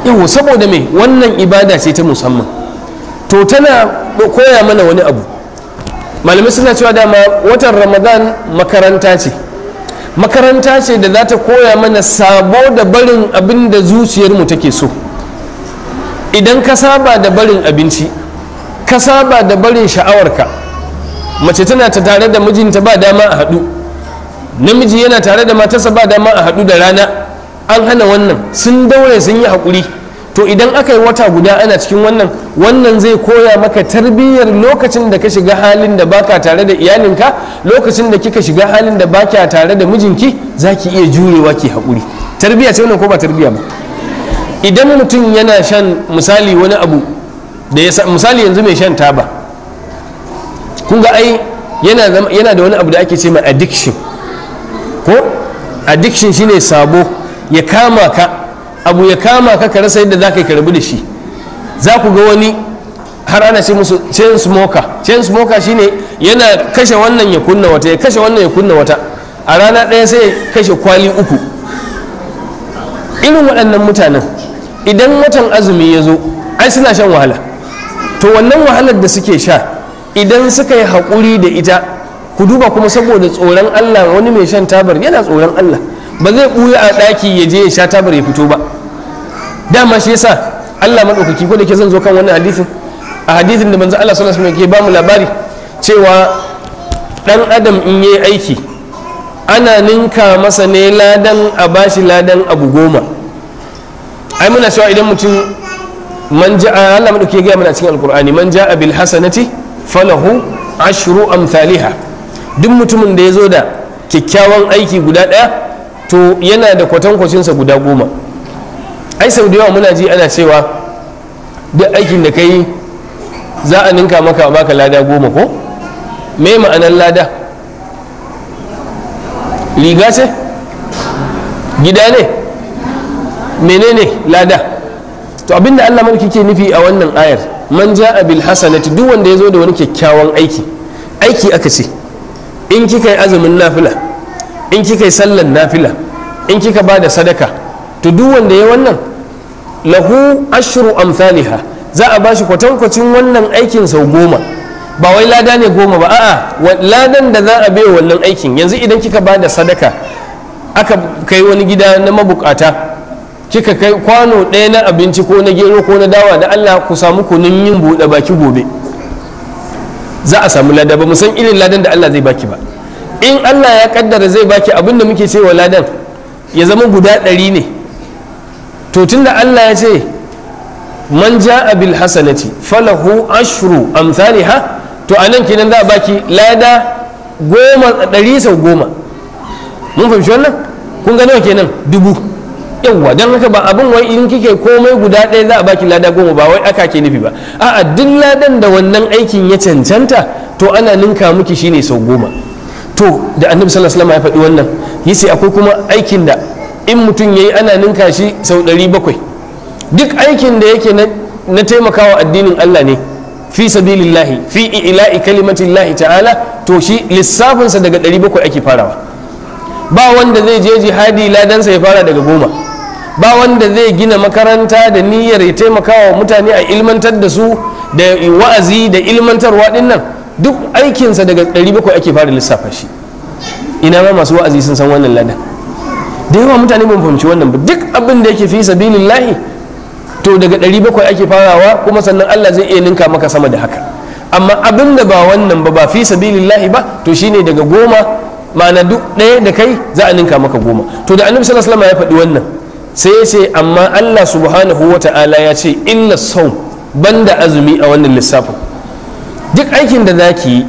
yau saboda me wannan ibada ce ta musamman to tana koya mana wani abu malamai suna cewa dama watan ramadan makaranta ce makaranta ce da za ta koya mana sabo da barin abin da zuciyarmu take so idan ka saba da barin abinci ka saba da barin sha'awarka mace tana ta tare da mijinta ba dama a haɗu namiji yana tare da matarsa ba dama a haɗu da rana an hana wannan sun daure sun yi hakuri. to idan aka yi wata guda ana cikin wannan wannan zai koya maka tarbiyyar lokacin da ka shiga halin da baka tare da iyalinka lokacin da kika shiga halin da baka tare da mijinki za ki iya jurewa ki haƙuri tarbiyya ce wannan ko ba tarbiyya ba idan mutum yana shan misali wani abu da ya misali yanzu mai shan taba kun ga ai yana da wani abu da ake ce mai addiction ko addiction shine sabo ya kama ka abu ya kama ka ka rasa yadda za ka yi karbi da shi za ku ga wani har ana ce musu chain smoker chain smoker shine yana kashe wannan ya kunna wata ya kashe wannan ya kunna wata a rana ɗaya sai ya kashe kwali uku irin waɗannan mutanen idan watan azumi ya zo ai suna shan wahala to wannan wahalar da suke sha idan suka yi haƙuri da ita ku duba kuma saboda tsoron Allah wani mai shan tabar yana tsoron Allah ba zai ɓuya a ɗaki ya je ya sha tabar ya fito ba dama shi yasa Allah maɗaukaki ko da ke zan zo kan wannan hadisin a hadisin da manzo Allah sallallahu alaihi ke ba mu labari cewa dan adam in yi aiki ana ninka masa ne ladan a bashi ladan abu goma ai muna cewa idan mutum man ja'a Allah mu gaya mana cikin alkur'ani man ja'a bil hasanati falahu ashru amthaliha duk mutumin da ya zo da kyakkyawan aiki guda ɗaya to yana da kwatankwacinsa guda goma ai sau da yawa muna ji ana cewa duk aikin da kai yi za a ninka maka a baka lada goma ko me ma'anar lada riga ce gida ne menene lada to abinda Allah mulki ke nufi a wannan ayar man ja'a bil hasanati duk wanda yazo da wani kyakkyawan aiki aiki aka ce in kika yi azumin nafila in kika yi sallar nafila in kika ba da sadaka to duk wanda ya wannan lahu ashru amthaliha za a bashi kwatankwacin wannan aikin sau goma ba wai lada ne goma ba a'a ladan da za a bai wannan aikin yanzu idan kika ba da sadaka aka kai wani gida na mabukata kika kai kwano ɗaya na abinci ko na gero ko na dawa da Allah ku samu kunun yin buɗe baki gobe za a samu lada ba mu san irin ladan da Allah zai baki ba in Allah ya kaddara zai baki abin da muke cewa ladan ya zama guda ɗari ne to tunda Allah ya ce man ja'a bil hasanati falahu ashru amsalha to anan kenan za a baki lada goma ɗari sau goma mun fahimci wannan kun ga nawa kenan dubu yawa don haka ba abin wai in kike komai guda ɗaya za a baki lada goma ba wai aka ke nufi ba a'a duk ladan da wannan aikin ya cancanta to ana ninka miki shine sau goma to da annabi sallallahu alaihi ya faɗi wannan yace akwai kuma aikin da in mutum yayi ana ninka shi sau ɗari bakwai duk aikin da yake na taimakawa addinin Allah ne fi sabilillahi fi ila'i kalimatillahi ta'ala to shi lissafinsa daga ɗari bakwai ake farawa ba wanda zai je jihadi ladansa ya fara daga goma ba wanda zai gina makaranta da niyyar ya taimakawa wa mutane a ilmantar da su da wa'azi da ilmantarwa dinnan duk aikinsa daga 700 ake fara lissafa shi ina ma masu wa'azi sun san wannan ladan da yawa mutane ban fahimci wannan ba duk abin da yake fi sabilillahi to daga 700 ake farawa kuma sannan Allah zai iya ninka maka sama da haka amma abin da ba wannan ba ba fi sabilillahi ba to shine daga goma ma'ana duk ɗaya da kai za a ninka maka goma to da annabi sallallahu alaihi wasallam ya faɗi wannan sai ya ce amma Allah subhanahu wata'ala ya ce inna saum banda azumi a wannan lissafin duk aikin da zaki yi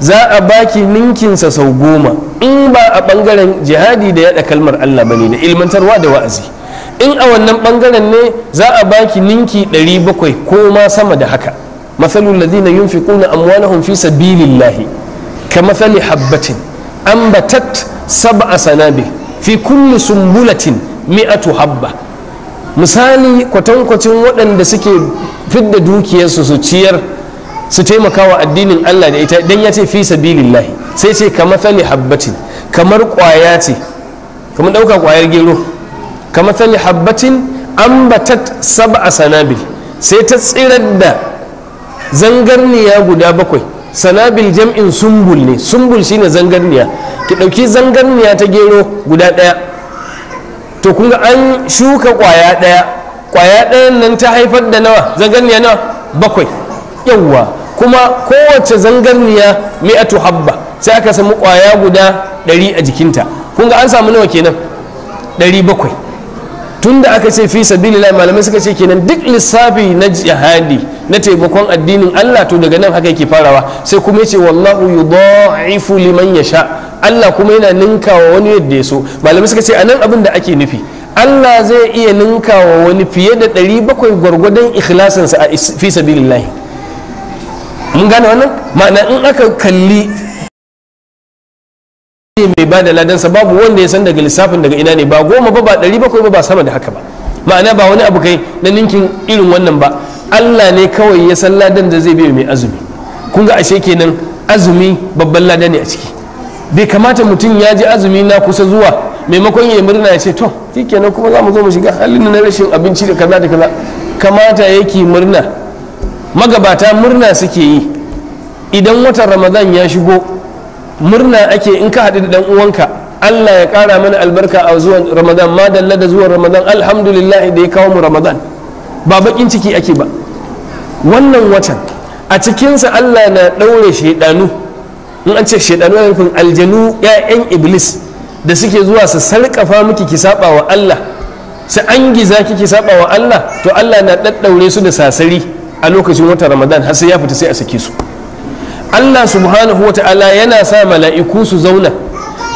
za a baki ninkinsa sau goma in ba a bangaren jihadi da yada kalmar Allah bane da ilmantarwa da wa'azi in a wannan bangaren ne za a baki ninki 700 ko ma sama da haka matsalul ladina yunfiquna amwalahum fi sabilillahi ka mathali ambatat sab'a sanabi fi kulli sumbulatin mi'atu habba misali kwatankwacin waɗanda suke fidda dukiyarsu su ciyar su taimaka wa addinin Allah da ita dan ya ce fi sabilillahi sai ce ka mathali habbatin kamar kwaya ce kamar ɗauka kwayar gero ka mathali habbatin ambatat sab'a sanabil sai ta tsirar da zangarniya guda bakwai sanabil jam'in sumbul ne sumbul shine zangarniya ki ɗauki zangarniya ta gero guda ɗaya to kun an shuka kwaya ɗaya Kwaya ɗayan nan ta haifar da nawa zangarniya nawa bakwai yawwa kuma kowace zangarniya mi'atu tuhabba, sai aka samu kwaya guda ɗari a jikinta kun ga an samu nawa kenan ɗari bakwai tunda aka ce fi sabilillah malamai suka ce kenan duk lissafi na jihadi na taimakon addinin Allah to daga nan haka yake farawa sai kuma yace wallahu yudha'ifu liman sha Allah kuma yana ninkawa wani yadda ya so malamai suka ce anan abin da ake nufi Allah zai iya ninkawa wani fiye da 700 gwargwadon ikhlasinsa a fi sabilillah mun gane wannan ma'ana in aka kalli mai ba da sa babu wanda ya san daga lissafin daga ina ne ba goma ba ba ɗari bakwai ba ba sama da haka ba ma'ana ba wani abu kai na ninkin irin wannan ba allah ne kawai ya san ladan da zai biya mai azumi kun ga ashe kenan azumi babban lada ne a ciki bai kamata mutum ya ji azumi na kusa zuwa maimakon ya murna ya ce to kenan kuma za mu zo mu shiga halin na rashin abinci da kaza da kaza kamata ya ki murna magabata murna suke yi idan watan ramadan ya shigo murna ake in ka haɗu da ɗan uwanka Allah ya ƙara mana albarka a zuwan Ramadan ma dalla da zuwan Ramadan alhamdulillah da ya kawo mu Ramadan ba bakin ciki ake ba wannan watan a cikinsa Allah na ɗaure shaidanu in an ce shaidanu ya nufin aljanu ‘ya'yan iblis da suke zuwa su sarƙafa miki ki saba wa Allah su an giza ki ki saba wa Allah to Allah na ɗaɗɗaure su da sasari a lokacin watan Ramadan har sai ya fita sai a sake su Allah subhanahu wa ta'ala yana sa mala'iku su zauna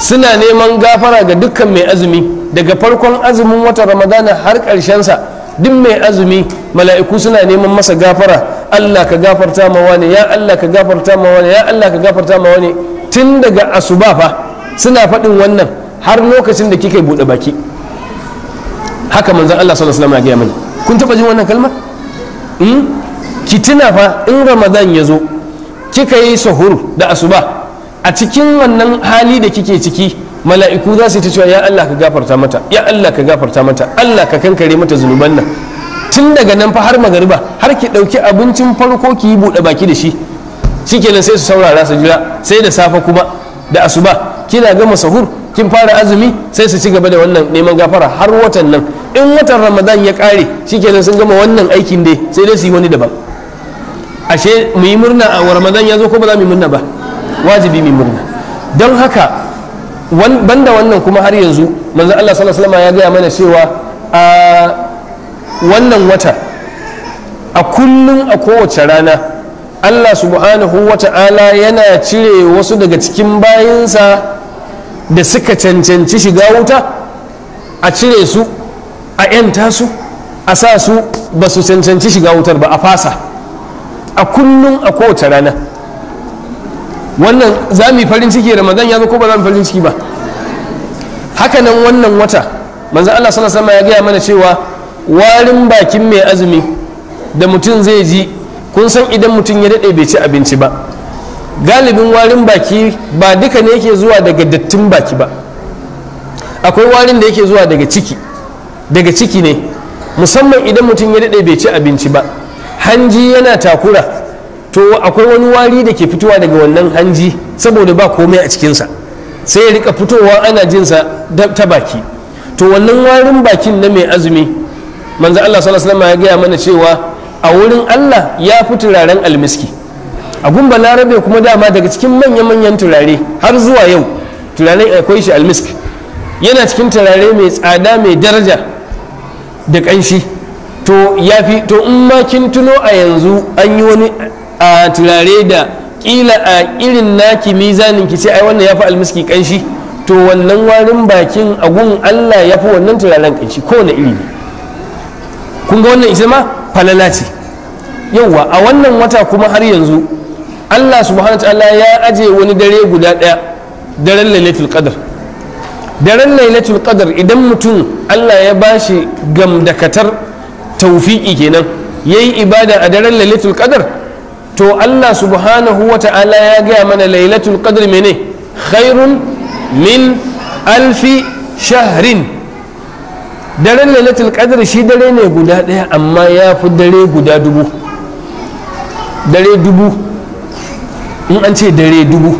suna neman gafara ga dukkan mai azumi daga farkon azumin watan ramadana har ƙarshensa duk mai azumi mala'iku suna neman masa gafara Allah ka gafarta ma wani ya Allah ka gafarta ma wani ya Allah ka gafarta ma wani tun daga asuba fa suna faɗin wannan har lokacin da kike buɗe baki haka manzon Allah sallallahu alaihi wasallam ya gaya mani kun taɓa jin wannan kalma hmm? ki tuna fa in ramadan ya zo kika yi sahur da asuba a cikin wannan hali da kike ciki mala'iku za su ta cewa ya Allah ka gafarta mata ya Allah ka gafarta mata Allah ka kankare mata zunuban nan tun daga nan fa har magariba har ki ɗauki abincin farko ki yi buɗe baki da shi shikenan sai su saurara su jira sai da safe kuma da asuba kina gama sahur kin fara azumi sai su ci gaba da wannan neman gafara har watan nan in watan ramadan ya ƙare shikenan sun gama wannan aikin dai sai dai su yi wani daban ashe mu yi murna a ramadan ya zo ko ba za mu yi murna ba wajibi mu murna don haka banda wannan kuma har yanzu manzo Allah sallallahu alaihi ya gaya mana cewa a wannan wata a kullum a kowace rana Allah subhanahu wa ta'ala yana cire wasu daga cikin bayinsa da suka cancanci shiga wuta a cire su a 'yanta su a sa su ba su cancanci shiga wutar ba a fasa a kullum a kowace rana wannan za mu yi farin ciki ramadan ya zo ko ba za mu farin ciki ba haka nan wannan wata manzan allah sana sama ya gaya mana cewa warin bakin mai azumi da mutum zai ji kun san idan mutum ya daɗe bai ci abinci ba galibin warin baki ba duka ne yake zuwa daga dattin baki ba akwai warin da yake zuwa daga ciki daga ciki ne musamman idan mutum ya daɗe bai ci abinci ba hanji yana takura to akwai wani wari da ke fitowa daga wannan hanji saboda ba komai a cikinsa sai ya rika fitowa ana jinsa ta baki to wannan warin bakin na mai azumi manzo Allah sallallahu alaihi ya gaya mana cewa a wurin Allah ya fi turaren almiski a gumba larabe kuma dama daga cikin manya-manyan turare har zuwa yau turare akwai shi almisk yana cikin turare mai tsada mai daraja da kanshi. to ya fi to in ma kin tuno a yanzu an yi wani a turare da kila a irin naki mizanin ki ce ai wannan ya fi almiski kanshi to wannan warin bakin agun Allah ya fi wannan turaren kanshi wani iri ne kun ga wannan isa ma falala ce yauwa a wannan wata kuma har yanzu Allah subhanahu ta'ala ya aje wani dare guda ɗaya daren lailatul qadr daren lailatul qadr idan mutum Allah ya bashi gamdakatar tawfiki kenan yayi ibada a daren lailatul qadr to Allah subhanahu wa ta'ala ya gaya mana lailatul qadr mene khairun min alfi shahrin daren lailatul qadr shi dare ne guda ɗaya amma ya fi dare guda dubu dare dubu in an ce dare dubu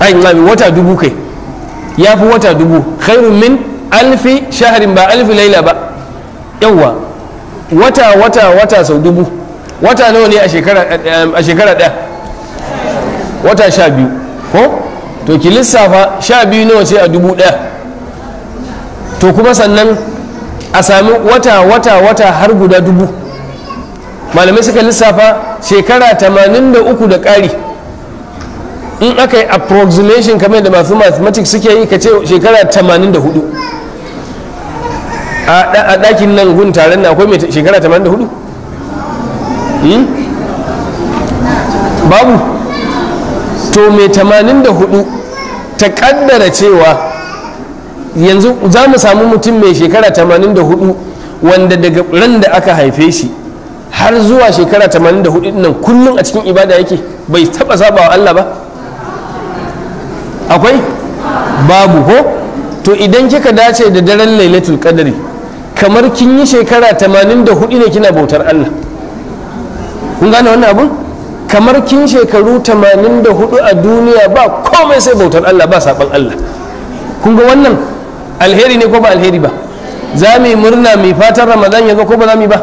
ai wata dubu kai ya fi wata dubu khairun min alfi shaharin ba alfi laila ba yawwa wata wata wata sau dubu wata nawa ne eh, a shekara ɗaya wata sha biyu ko to ki lissafa sha biyu nawa ce a dubu ɗaya to kuma sannan a sami wata wata wata har guda dubu malamai suka lissafa shekara tamanin da uku da ƙari in aka yi approximation kamar da masu mathematics suke yi ka ce shekara tamanin da hudu a ɗakin nan gun taron na akwai mai shekara 84 hmm? babu to mai 84 ta kaddara cewa yanzu za mu samu mutum mai shekara 84 wanda daga ran da aka haife shi har zuwa shekara 84 nan kullum a cikin ibada yake bai taba saba wa Allah ba akwai babu ko to idan kika dace da daren lailatul qadri kamar kin yi shekara 84 ne kina bautar Allah kun gane wannan abun kamar kin shekaru 84 a duniya ba komai sai bautar Allah ba saban Allah kun ga wannan alheri ne ko ba alheri ba za mu yi murna mai fatan ramadan ya ko ba za mu yi ba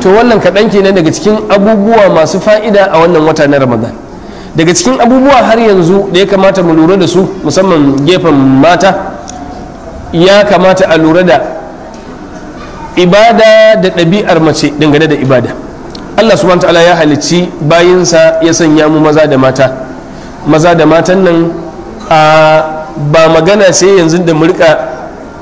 to wannan kaɗan kenan daga cikin abubuwa masu fa'ida a wannan wata na ramadan daga cikin abubuwa har yanzu da ya kamata mu lura da su musamman gefen mata ya kamata a lura da ibada da ɗabi'ar mace dangane da ibada Allah subhanahu ta'ala ya halicci bayinsa ya sanya mu maza da mata maza da matan nan a ba magana sai yanzu da mu rika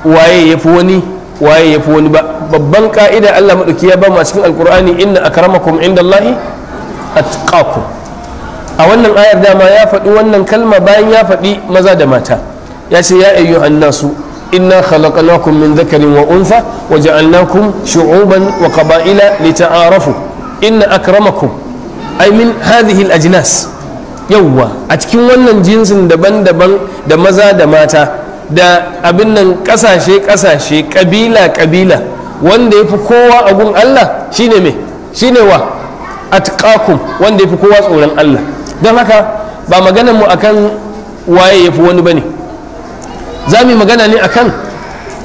waye fi wani waye fi wani ba babban ka'ida Allah maɗauki ya ba mu a cikin alkur'ani inna Allahi indallahi atqakum a wannan ayar dama ya faɗi wannan kalma bayan ya faɗi maza da mata ya ce ya ayyuhan nasu inna khalaqnakum min dhakarin wa untha wa ja'alnakum shu'uban wa lita'arafu inna akramakum ay min hadhihi al-ajnas yawwa a cikin wannan jinsin daban-daban da maza da mata da abin nan kasashe kasashe kabila kabila wanda yafi kowa a Allah shine me shine wa atqakum wanda yafi kowa tsoron Allah don haka ba maganar mu akan waye yafi wani bane za mu yi magana ne akan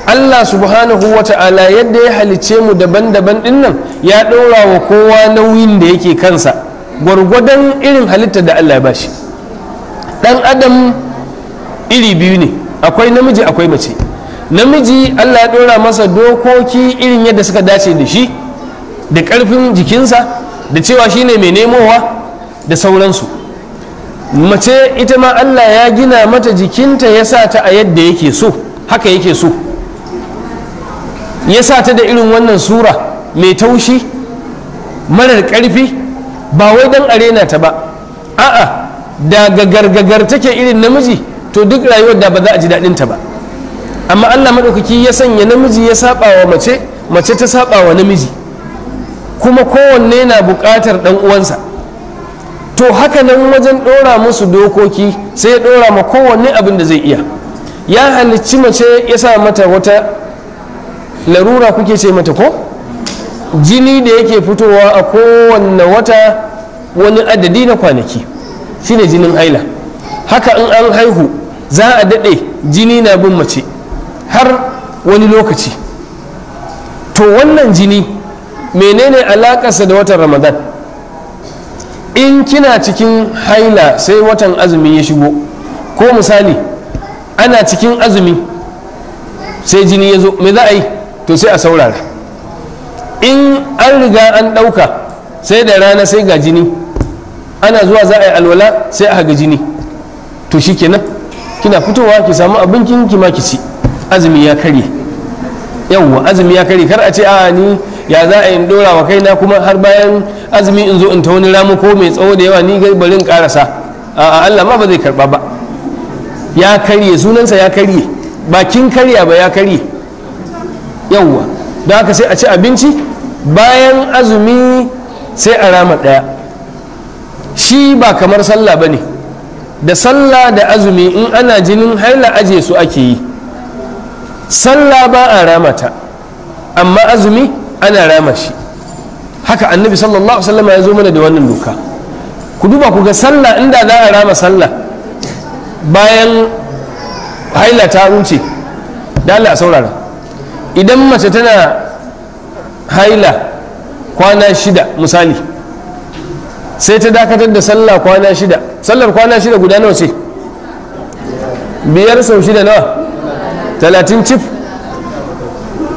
Allah subhanahu wa ta'ala yadda ya halicce mu daban-daban dinnan ya ɗora wa kowa nauyin da yake kansa gwargwadon irin halitta da Allah ya bashi ɗan adam iri biyu ne akwai namiji akwai mace namiji Allah ya ɗora masa dokoki irin yadda suka dace da shi da ƙarfin jikinsa da cewa shine mai nemowa da sauransu mace ita ma Allah ya gina mata jikinta ya sa ta a yadda yake so haka yake so ya sa ta da irin wannan sura mai taushi marar ƙarfi ba wai dan arena ta ba a'a daga gargagar take irin namiji to duk rayuwar da ba za a ji daɗin ta ba amma Allah maɗaukaki ya sanya namiji ya saba wa mace mace ta saba wa namiji kuma kowanne na buƙatar ɗan uwansa to haka nan wajen ɗora musu dokoki sai ya ɗora ma kowanne abin da zai iya ya halicci mace ya sa mata wata larura kuke ce mata ko jini da yake fitowa a kowanne wata wani adadi na kwanaki shine jinin haila haka in an haihu za a daɗe jini na bin mace har wani lokaci to wannan jini menene alakarsa da watan ramadan in kina cikin haila sai watan azumi ya shigo ko misali ana cikin azumi sai jini ya zo me za a yi to sai a saurara in an riga an ɗauka sai da rana sai ga jini ana zuwa za a yi alwala sai a haga jini to shi kenan kina fitowa ki samu abinkin ki ma ki ci azumi ya karye yawwa azumi ya karye kar a ce a ni ya za a yi dora wa kaina kuma har bayan azumi in zo in ta wani ko mai tsawo da yawa ni bari in karasa a Allah ma ba zai karba ba ya karye sunansa ya karye bakin karya ba ya karye yawwa don haka sai a ci abinci bayan azumi sai a rama ɗaya shi ba kamar sallah ba ne da sallah da azumi in ana jinin haila aje su ake yi sallah ba a ramata amma azumi ana rama shi haka annabi sallallahu alaihi wasallam ya zo mana da wannan doka ku duba ku ga sallah inda za a rama sallah bayan haila ta wuce dala a saurara idan mace tana haila kwana shida misali sai ta dakatar da sallah kwana shida sallar kwana shida guda nawa ce biyar sau shida nawa talatin cif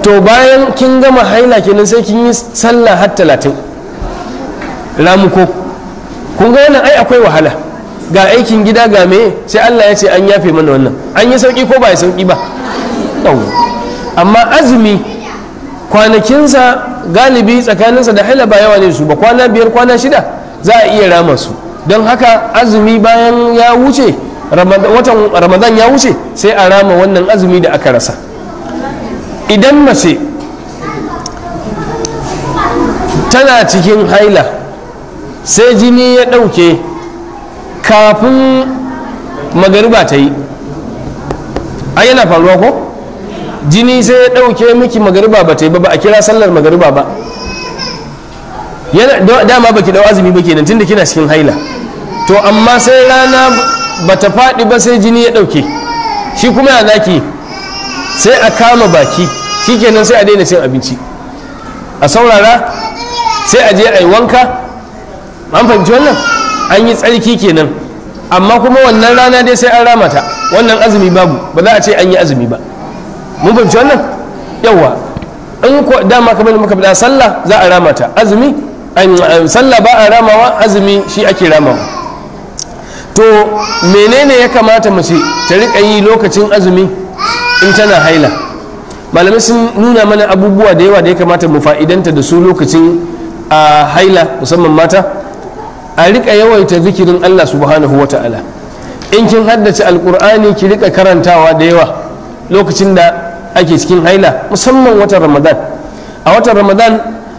to bayan kin gama haila kenan sai kin yi sallah har talatin ramuko kun ga wannan ai akwai wahala ga aikin gida ga me sai Allah ya ce an yafe mana wannan an yi sauki ko ba ya sauki ba amma azumi kwanakinsa galibi tsakaninsa da haila ba yawa ne su ba kwana biyar kwana shida za a iya rama su don haka azumi bayan ya wuce watan ramadan ya wuce sai a rama wannan azumi da aka rasa idan mace tana cikin haila sai jini ya ɗauke kafin magariba ta yi A yana faruwa ko jini sai ya ɗauke miki magariba ba ta yi ba ba a kira sallar magariba ba dama ba ki dau azumi ba kenan tunda kina cikin haila to amma sai rana ba ta faɗi ba sai jini ya ɗauke shi kuma ya zaki sai a kama baki shikenan sai a daina cin abinci a saurara sai a je a yi wanka an fahimci wannan an yi tsarki kenan amma kuma wannan rana dai sai an rama ta wannan azumi babu ba za a ce an yi azumi ba mun fahimci wannan yawa in ko dama kamar da muka sallah za a rama ta azumi sallah ba a ramawa azumi shi ake ramawa to menene ya kamata mace ta riƙa yi lokacin azumi in tana haila malamai sun nuna mana abubuwa da yawa da ya kamata mu fa'idanta da su lokacin a haila musamman mata a rika yawaita zikirin Allah subhanahu wa ta'ala in kin haddace alkur'ani ki rika karantawa da yawa lokacin da ake cikin haila musamman watan ramadan a watan ramadan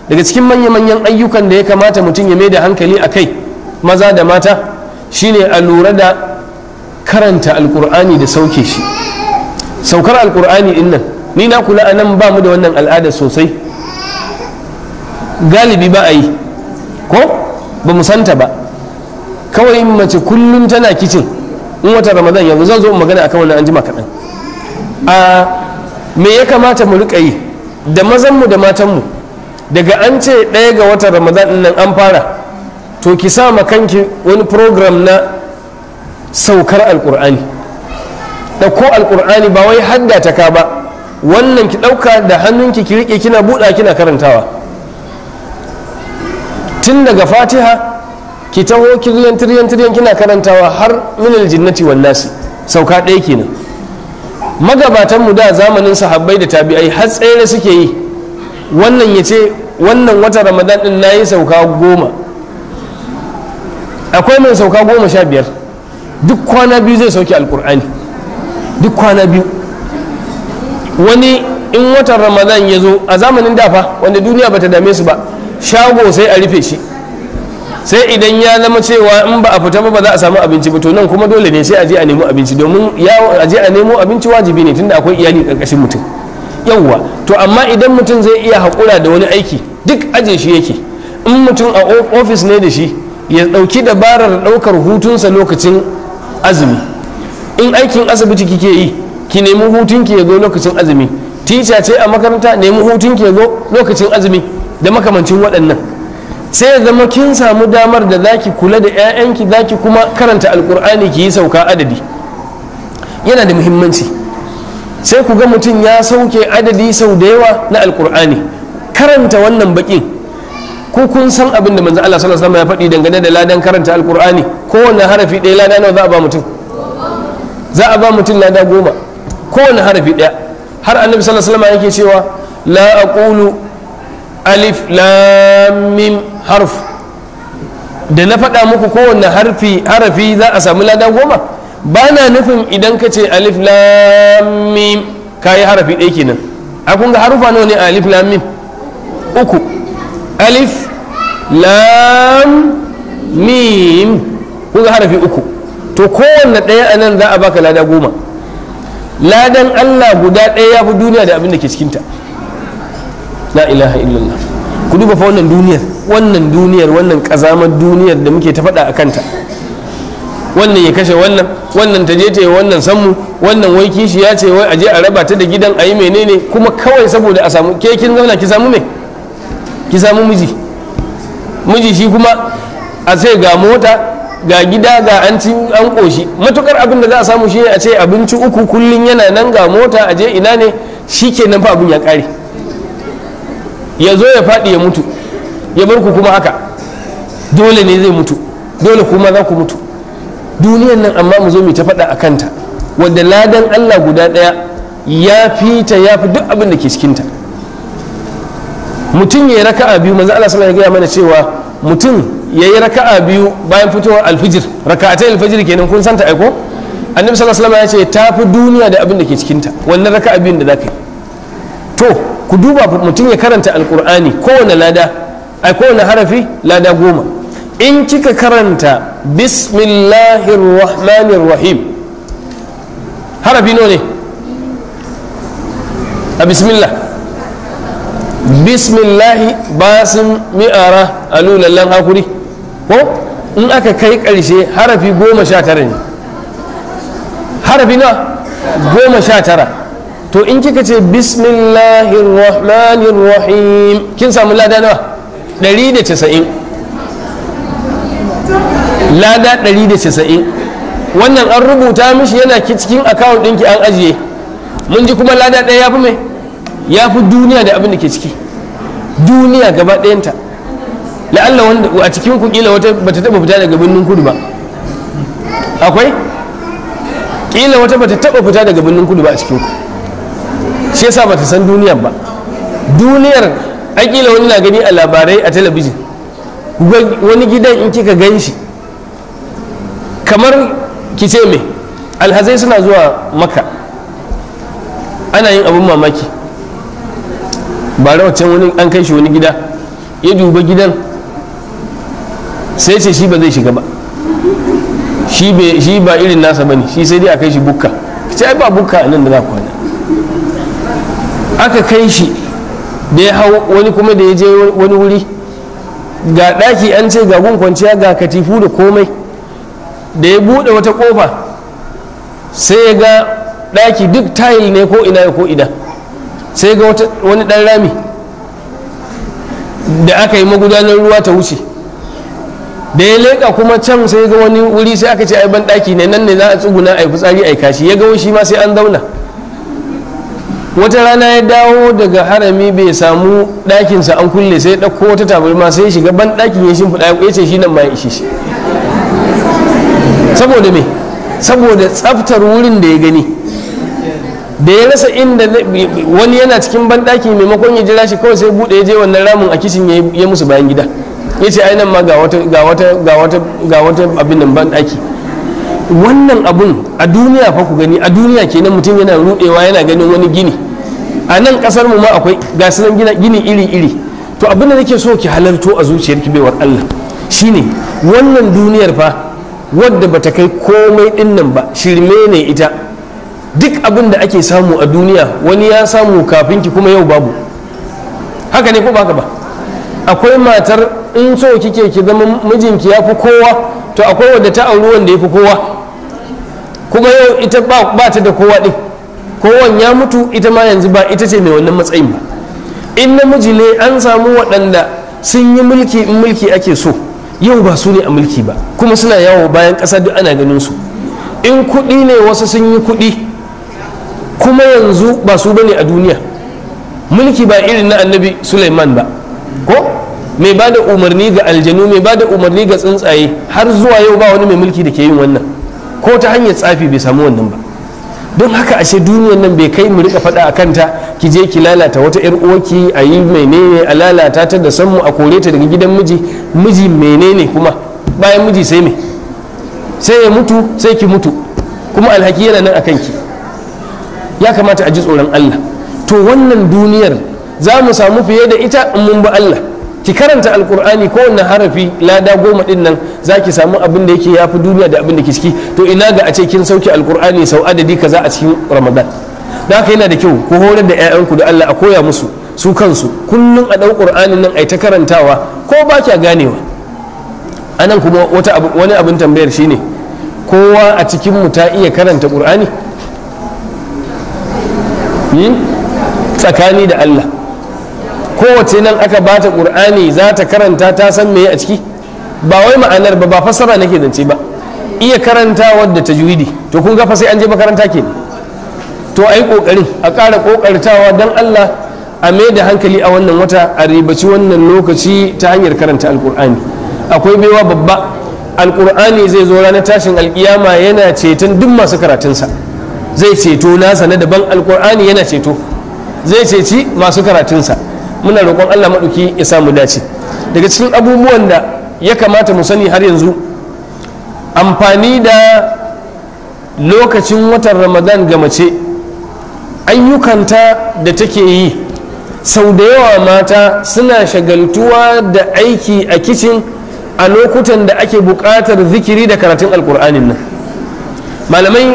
daga cikin manya-manyan ayyukan da ya kamata mutum ya mai da hankali a kai maza da mata shine a lura da karanta alkur'ani da sauke shi saukar alkur'ani din nan ni na kula a nan ba mu da wannan al'ada sosai galibi ba a yi ko ba mu santa ba kawai mace kullum tana kicin in wata ramadan yanzu zan zo magana akan wannan anjima kaɗan a me ya kamata mu rika yi da mazanmu da matan mu? daga an ce ɗaya ga watan ramadan nan an fara to ki sa ma kanki wani program na saukar alkur'ani ɗauko alkur'ani ba wai ta ka ba wannan ki ɗauka da hannunki ki riƙe kina buɗa kina karantawa tun daga fatiha ki taho kiryan tiryan kina karantawa har minal jinnati wan nasi sauka ɗaya kenan magabatan mu da zamanin sahabbai da tabi'ai har tsere suke yi wannan ya ce wannan wata ramadan din nayi sauka goma akwai mai sauka goma sha biyar duk kwana biyu zai sauke alkur'ani duk kwana biyu wani in watan ramadan ya zo a zamanin dafa wanda duniya bata dame su ba shago sai a rufe shi sai idan ya zama cewa in ba a fita ba ba za a samu abinci ba to nan kuma dole ne sai a je a nemo abinci domin ya a je a nemo abinci wajibi ne tunda akwai iyali karkashin mutum yawwa to amma idan mutum zai iya haƙura da wani aiki duk aje shi yake in mutum a ofis ne da shi ya ɗauki dabarar ɗaukar hutunsa lokacin azumi in aikin asibiti kike yi ki nemi hutun ki yazo lokacin azumi tica ce a makaranta nemi hutun ki yazo lokacin azumi da makamancin waɗannan sai ya zama kin samu damar da zaki kula da 'ya'yanki zaki kuma karanta alkur'ani ki yi sauka adadi yana da muhimmanci sai ku ga mutum ya sauke adadi sau da yawa na alkur'ani karanta wannan bakin ko kun san abin da manzo Allah sallallahu alaihi wasallam ya faɗi dangane da ladan karanta alkur'ani kowanne harafi ɗaya lada nawa za a ba mutum za a ba mutum lada goma kowane harafi ɗaya har annabi sallallahu alaihi wasallam yake cewa la aqulu alif lam mim harf da na faɗa muku kowane harfi harafi za a samu lada goma ba na nufin idan ka ce alif lam mim kayi harafi ɗaya kenan a kun ga harufa nawa ne alif lam mim uku alif lam mim kun ga harafi uku to kowanne ɗaya a nan za a baka lada goma ladan allah guda ɗaya ya fi duniya da abin da ke cikinta la ilaha illallah ku duba fa wannan duniyar wannan duniyar wannan ƙazamar duniyar da muke ta faɗa a kanta wannan ya kashe wannan wannan ta je ta yi wannan sammu wannan wai kishi ya ce wai a je a raba ta da gidan a yi menene kuma kawai saboda a samu ke kin zauna ki samu me ki samu miji miji shi kuma a ce ga mota ga gida ga an an koshi matukar abin da za a samu shi a ce abinci uku kullum yana nan ga mota a je ina ne shi ke nan fa abin ya kare ya zo ya faɗi ya mutu ya bar ku kuma haka dole ne zai mutu dole kuma za ku mutu duniyan nan amma mu zo mu ta faɗa a kanta wanda ladan allah guda ɗaya ya fi ta ya fi duk abin da ke cikinta mutum ya raka'a biyu manzo allah sallallahu alaihi ya gaya mana cewa mutum ya yi raka'a biyu bayan fitowar alfijir raka'atai alfijir kenan kun santa aiko annabi sallallahu alaihi wasallam ya ce ta fi duniya da abin da ke cikinta wannan raka'a biyun da za ka yi to ku duba mutum ya karanta alkur'ani kowane lada a kowane harafi lada goma in kika karanta bismillahir rahmanir rahim harafi nawa ne a bismillah bismillahi basin mi'ara alulallan hakuri ko in aka kai ƙarshe harafi goma sha tara ne harafi na goma sha tara to in kika ce bismillahirrahmanirrahim kin samu lada nawa ɗari da casa'in lada ɗari da casa'in wannan an rubuta mishi yana cikin akawun ɗinki an ajiye mun ji kuma lada ɗaya ya fi mai ya fi duniya da abin da ke ciki duniya gaba ɗayanta la'alla wanda a cikin ku kila wata bata taba fita daga birnin kudu ba akwai kila wata bata taba fita daga birnin kudu ba a cikin ku shi yasa bata san duniyar ba duniyar a kila wani na gani a labarai a talabijin wani gidan in kika gan shi kamar ki ce me alhazai suna zuwa maka ana yin abin mamaki ba rawacin wani an kai shi wani gida ya duba gidan sai ce shi ba zai shiga ba shi ba irin nasa bane shi sai dai a kai shi bukka ce ai ba bukka nan da za kwana aka kai shi da ya hau wani kuma da ya je wani wuri ga ɗaki an ce ga gun kwanciya ga katifu da komai da ya buɗe wata ƙofa sai ya ga ɗaki duk tayil ne ko ina ko ina sai ga wani ɗan rami da aka yi magudanar ruwa ta wuce da ya leka kuma can sai ga wani wuri sai aka ce ai ban ɗaki ne nan ne za a tsuguna a yi fitsari a yi kashi ya ga shi ma sai an zauna wata rana ya dawo daga harami bai samu ɗakinsa an kulle sai ya ɗauko wata tabarma sai shiga ban ɗakin ya shimfiɗa ya ce shi nan ma ya ishe shi saboda me saboda tsaftar wurin da ya gani da ya rasa inda wani yana cikin banɗaki maimakon ya jira shi kawai sai buɗe ya je wannan ramin a kicin ya musu bayan gida ya ce ainihin ma ga wata abin nan ban ɗaki wannan abun a duniya fa ku gani a duniya kenan mutum yana rudewa yana ganin wani gini a nan kasar mu ma akwai ga sunan gini iri iri to abin da nake so ki halarto a zuciyarki baiwar Allah shine wannan duniyar fa wadda bata kai komai din nan ba shirme ne ita duk abin da ake samu a duniya wani ya samu kafin ki kuma yau babu haka ne ko ba ka ba akwai matar in so kike ki zama mijinki ya fi kowa to akwai wadda ta auri wanda ya fi kowa kuma yau ita ba ta da kowa ɗin kowan ya mutu ita ma yanzu ba ita ce mai wannan matsayin ba in namiji ne an samu waɗanda sun yi mulki in mulki ake so yau ba su ne a mulki ba kuma suna yawo bayan ƙasa duk ana ganin su in kuɗi ne wasu sun yi kuɗi kuma yanzu ba su bane a duniya mulki ba irin na annabi suleiman ba ko mai ba da umarni ga aljanu mai ba da umarni ga tsuntsaye har zuwa yau ba wani mai mulki da ke yin wannan ko ta hanyar tsafi bai samu wannan ba don haka ashe duniyar nan bai kai mu rika faɗa a kanta ki je ki lalata wata yar uwarki a yi menene a lalata ta da sanmu a kore ta daga gidan miji miji menene kuma bayan miji sai me sai ya mutu sai ki mutu kuma alhaki yana nan a kanki ya kamata a ji tsoron Allah to wannan duniyar za mu samu fiye da ita in mun bi Allah ki karanta alkur'ani wani harafi lada goma din nan za ki samu abin da yake yafi duniya da abin da ke ciki to ina ga a ce kin sauke alkur'ani sau adadi kaza a cikin ramadan da haka yana da kyau ku horar da 'ya'yanku da allah a koya musu su kansu kullum a ɗau ƙur'anin nan a ta karantawa ko ba kya ganewa nan kuma wata wani abin tambayar shine kowa a cikin mu ta iya karanta ƙur'ani hmm? tsakani da allah kowace nan aka bata qur'ani za ta karanta ta san meye a ciki ba wai ma'anar ba ba fassara nake zance ba iya karanta wadda tajwidi to kun ga sai an je makaranta ke to ai kokarin a ƙara kokartawa dan Allah a mai da hankali a wannan wata a ribaci wannan lokaci ta hanyar karanta alqur'ani akwai baiwa babba alqur'ani zai zo ranar tashin alkiyama yana ceton duk masu karatunsa zai ceto nasa na daban alqur'ani yana ceto zai ceci masu karatunsa muna roƙon Allah maɗauki ya samu dace daga cikin abubuwan da ya kamata mu sani har yanzu amfani da lokacin watan ramadan ga mace ayyukanta da take yi sau da yawa mata suna shagaltuwa da aiki a kicin a lokutan da ake buƙatar zikiri da karatun alkur'anin nan malamai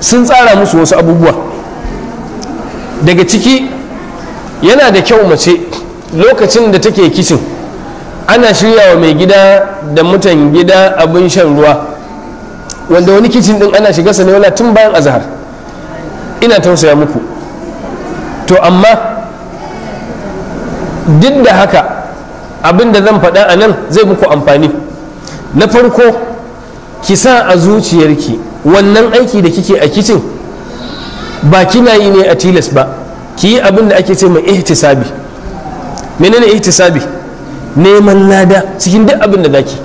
sun tsara musu wasu abubuwa daga ciki yana da kyau mace lokacin da take kicin ana shirya wa mai gida da mutan gida abin shan ruwa wanda wani kicin din ana shiga sanayola tun bayan azahar ina tausaya muku to amma duk da haka abin da zan faɗa a nan zai muku amfani na farko ki sa a zuciyarki wannan aiki da kike a kicin ba kina yi ne a tilas ba ki yi abin da ake ce mai ihtisabi menene ihtisabi neman lada cikin duk abin da zaki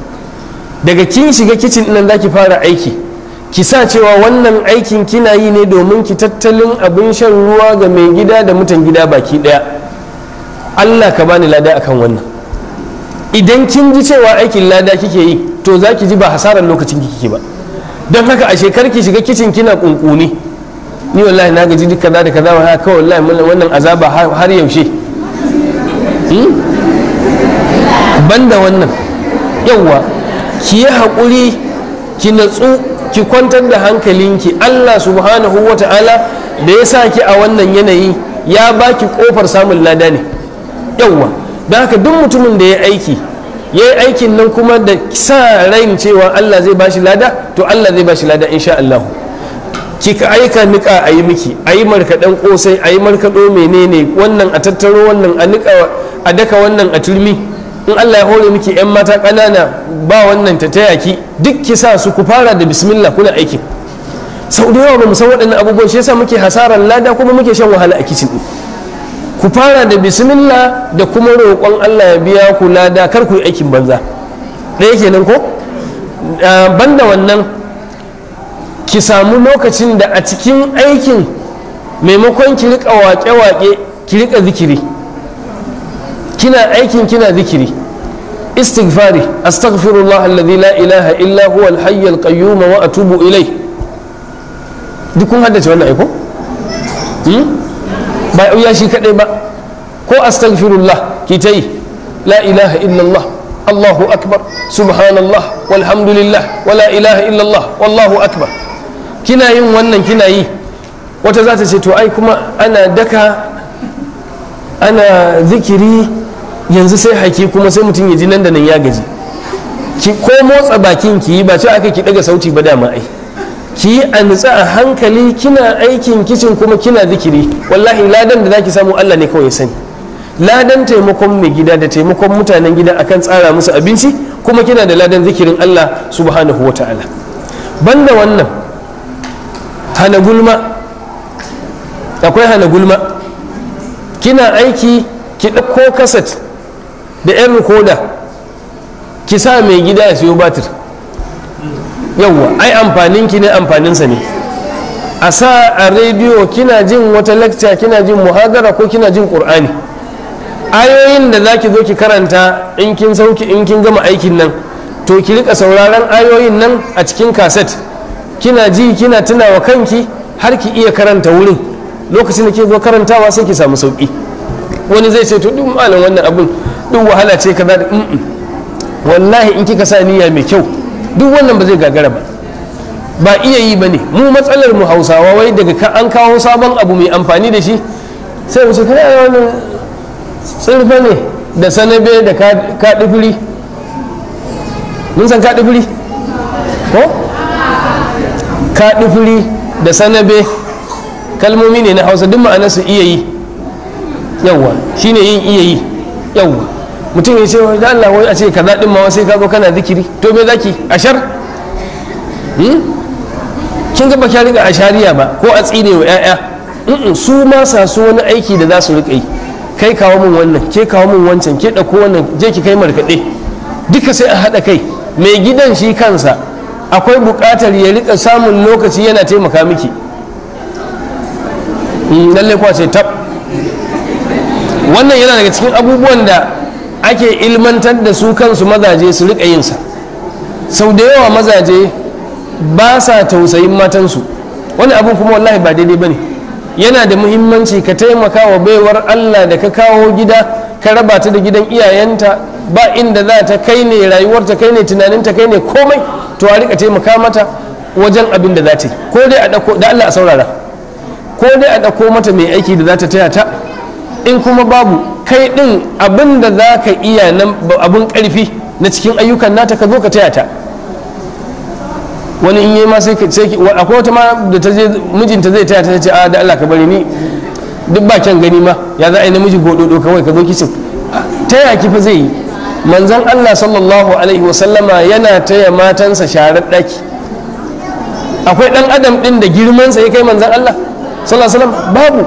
daga kin shiga kicin nan zaki fara aiki ki sa cewa wannan aikin kina yi ne domin ki tattalin abin shan ruwa ga mai gida da mutan gida baki daya Allah ka bani lada akan wannan idan kin ji cewa aikin lada kike yi to zaki ji ba hasarar lokacin kike ba don haka a shekar ki shiga kicin kina kunkuni ni wallahi na gaji duk kaza da kaza wa haka wallahi wannan azaba har yaushe hmm? banda wannan yawa ki yi haƙuri ki natsu ki kwantar da hankalinki Allah subhanahu wa ta'ala da ya sa ki a wannan yanayi ya baki kofar samun lada ne yawa da haka duk mutumin da ya aiki ya yi aikin nan kuma da sa rain cewa Allah zai bashi lada to Allah zai bashi lada insha Allah kika aika nika a yi miki a yi markaɗen ƙosai a yi markaɗo menene wannan a tattaro wannan a nika a daka wannan a turmi in allah ya hore miki yan mata ƙanana ba wannan ta taya ki duk ki sa su ku fara da bismillah kuna aiki sau da yawa ba mu san waɗannan abubuwan shi yasa muke hasarar lada kuma muke shan wahala a kicin ku fara da bismillah da kuma roƙon allah ya biya ku lada kar ku yi aikin banza ɗaya kenan ko ah, banda wannan ki samu lokacin da a cikin aikin maimakon ki rika wake wake ki rika zikiri kina aikin kina zikiri istighfari astaghfirullah alladhi la ilaha illa huwa al-hayy al-qayyum wa atubu ilayh duk kun haddace wannan aiko hmm? ba ya shi kadai ba ko astaghfirullah ki tayi la ilaha illallah Allahu akbar subhanallah walhamdulillah wa la ilaha illallah wallahu akbar kina yin wannan kina yi wata za ta ce to ai kuma ana daka ana zikiri yanzu sai haki kuma sai mutum ya ji nan da nan ya gaji ki ko motsa bakin ki ba ce aka ki daga sauti ba dama ai ki yi a nutsa a hankali kina aikin kicin kuma kina zikiri wallahi ladan da zaki samu Allah ne kawai sani ladan taimakon mai gida da taimakon mutanen gida akan tsara musu abinci kuma kina da ladan zikirin Allah subhanahu wataala banda wannan hana gulma akwai hana gulma kina aiki ki ɗauko kaset da 'yan rikoda ki sa mai gida ya siyo batir yawwa ai amfanin ki ne amfaninsa ne a sa a rediyo kina jin wata lakca kina jin muhadara ko kina jin ƙur'ani ayoyin da zaki zo ki karanta in kin sauki in kin gama aikin nan to ki rika sauraron ayoyin nan a cikin kaset kina ji kina tunawa kanki har ki iya karanta wurin lokacin da ke zo karantawa sai ki samu sauki wani zai ce to duk malam wannan abun duk wahala ce kaza da wallahi in kika sa niyya mai kyau duk wannan ba zai gagara ba ba iya yi ba ne mu matsalar mu hausawa wai daga an kawo sabon abu mai amfani da shi sai mu ce kana wannan tsirfa ne da sanabe da kaɗi mun san kaɗi ko kaɗufuri da sanabe kalmomi ne na hausa duk ma'anar su iya yi yawwa shine yin iya yi yawwa mutum ya ce wa da Allah wai a ce ka zaɗin ma sai ka zo kana zikiri to me zaki ashar hmm? kin ga ba riga ashariya ba ko a tsine wa ƴaƴa su ma sa su wani aiki da za su riƙa kai kawo min wannan ke kawo min wancan ke ɗauko wannan je ki kai markaɗe duka sai a haɗa kai mai gidan shi kansa akwai bukatar ya rika samun lokaci yana taimaka miki hmm, lallai kuwa ce tab wannan yana daga cikin abubuwan da ake ilmantar da su kansu mazaje su rika yinsa sau da yawa mazaje ba sa tausayin matansu wani abu kuma wallahi ba daidai ba ne yana da muhimmanci ka taimaka wa baiwar allah da ka kawo gida ka raba ta da gidan iyayenta ba inda za ta kai ne rayuwarta kai ne tunaninta kai ne komai to a rika taimaka mata wajen abin da za ta yi ko dai a ɗauko da Allah a saurara ko dai a ɗauko mata mai aiki da za ta taya ta in kuma babu kai ɗin abin da za ka iya nan abin ƙarfi na cikin ayyukan nata ka zo ka taya ta wani in yi ma sai akwai wata ma da ta je mijinta zai taya ta ce a ah, da Allah ka bari ni duk ba kyan gani ma ya za a yi namiji gododo kawai ka zo kicin taya ki fa zai yi manzon allah sallallahu alaihi wasallama yana taya matansa sharar ɗaki akwai ɗan adam ɗin da girmansa ya kai manzon allah sallallahu alaihi babu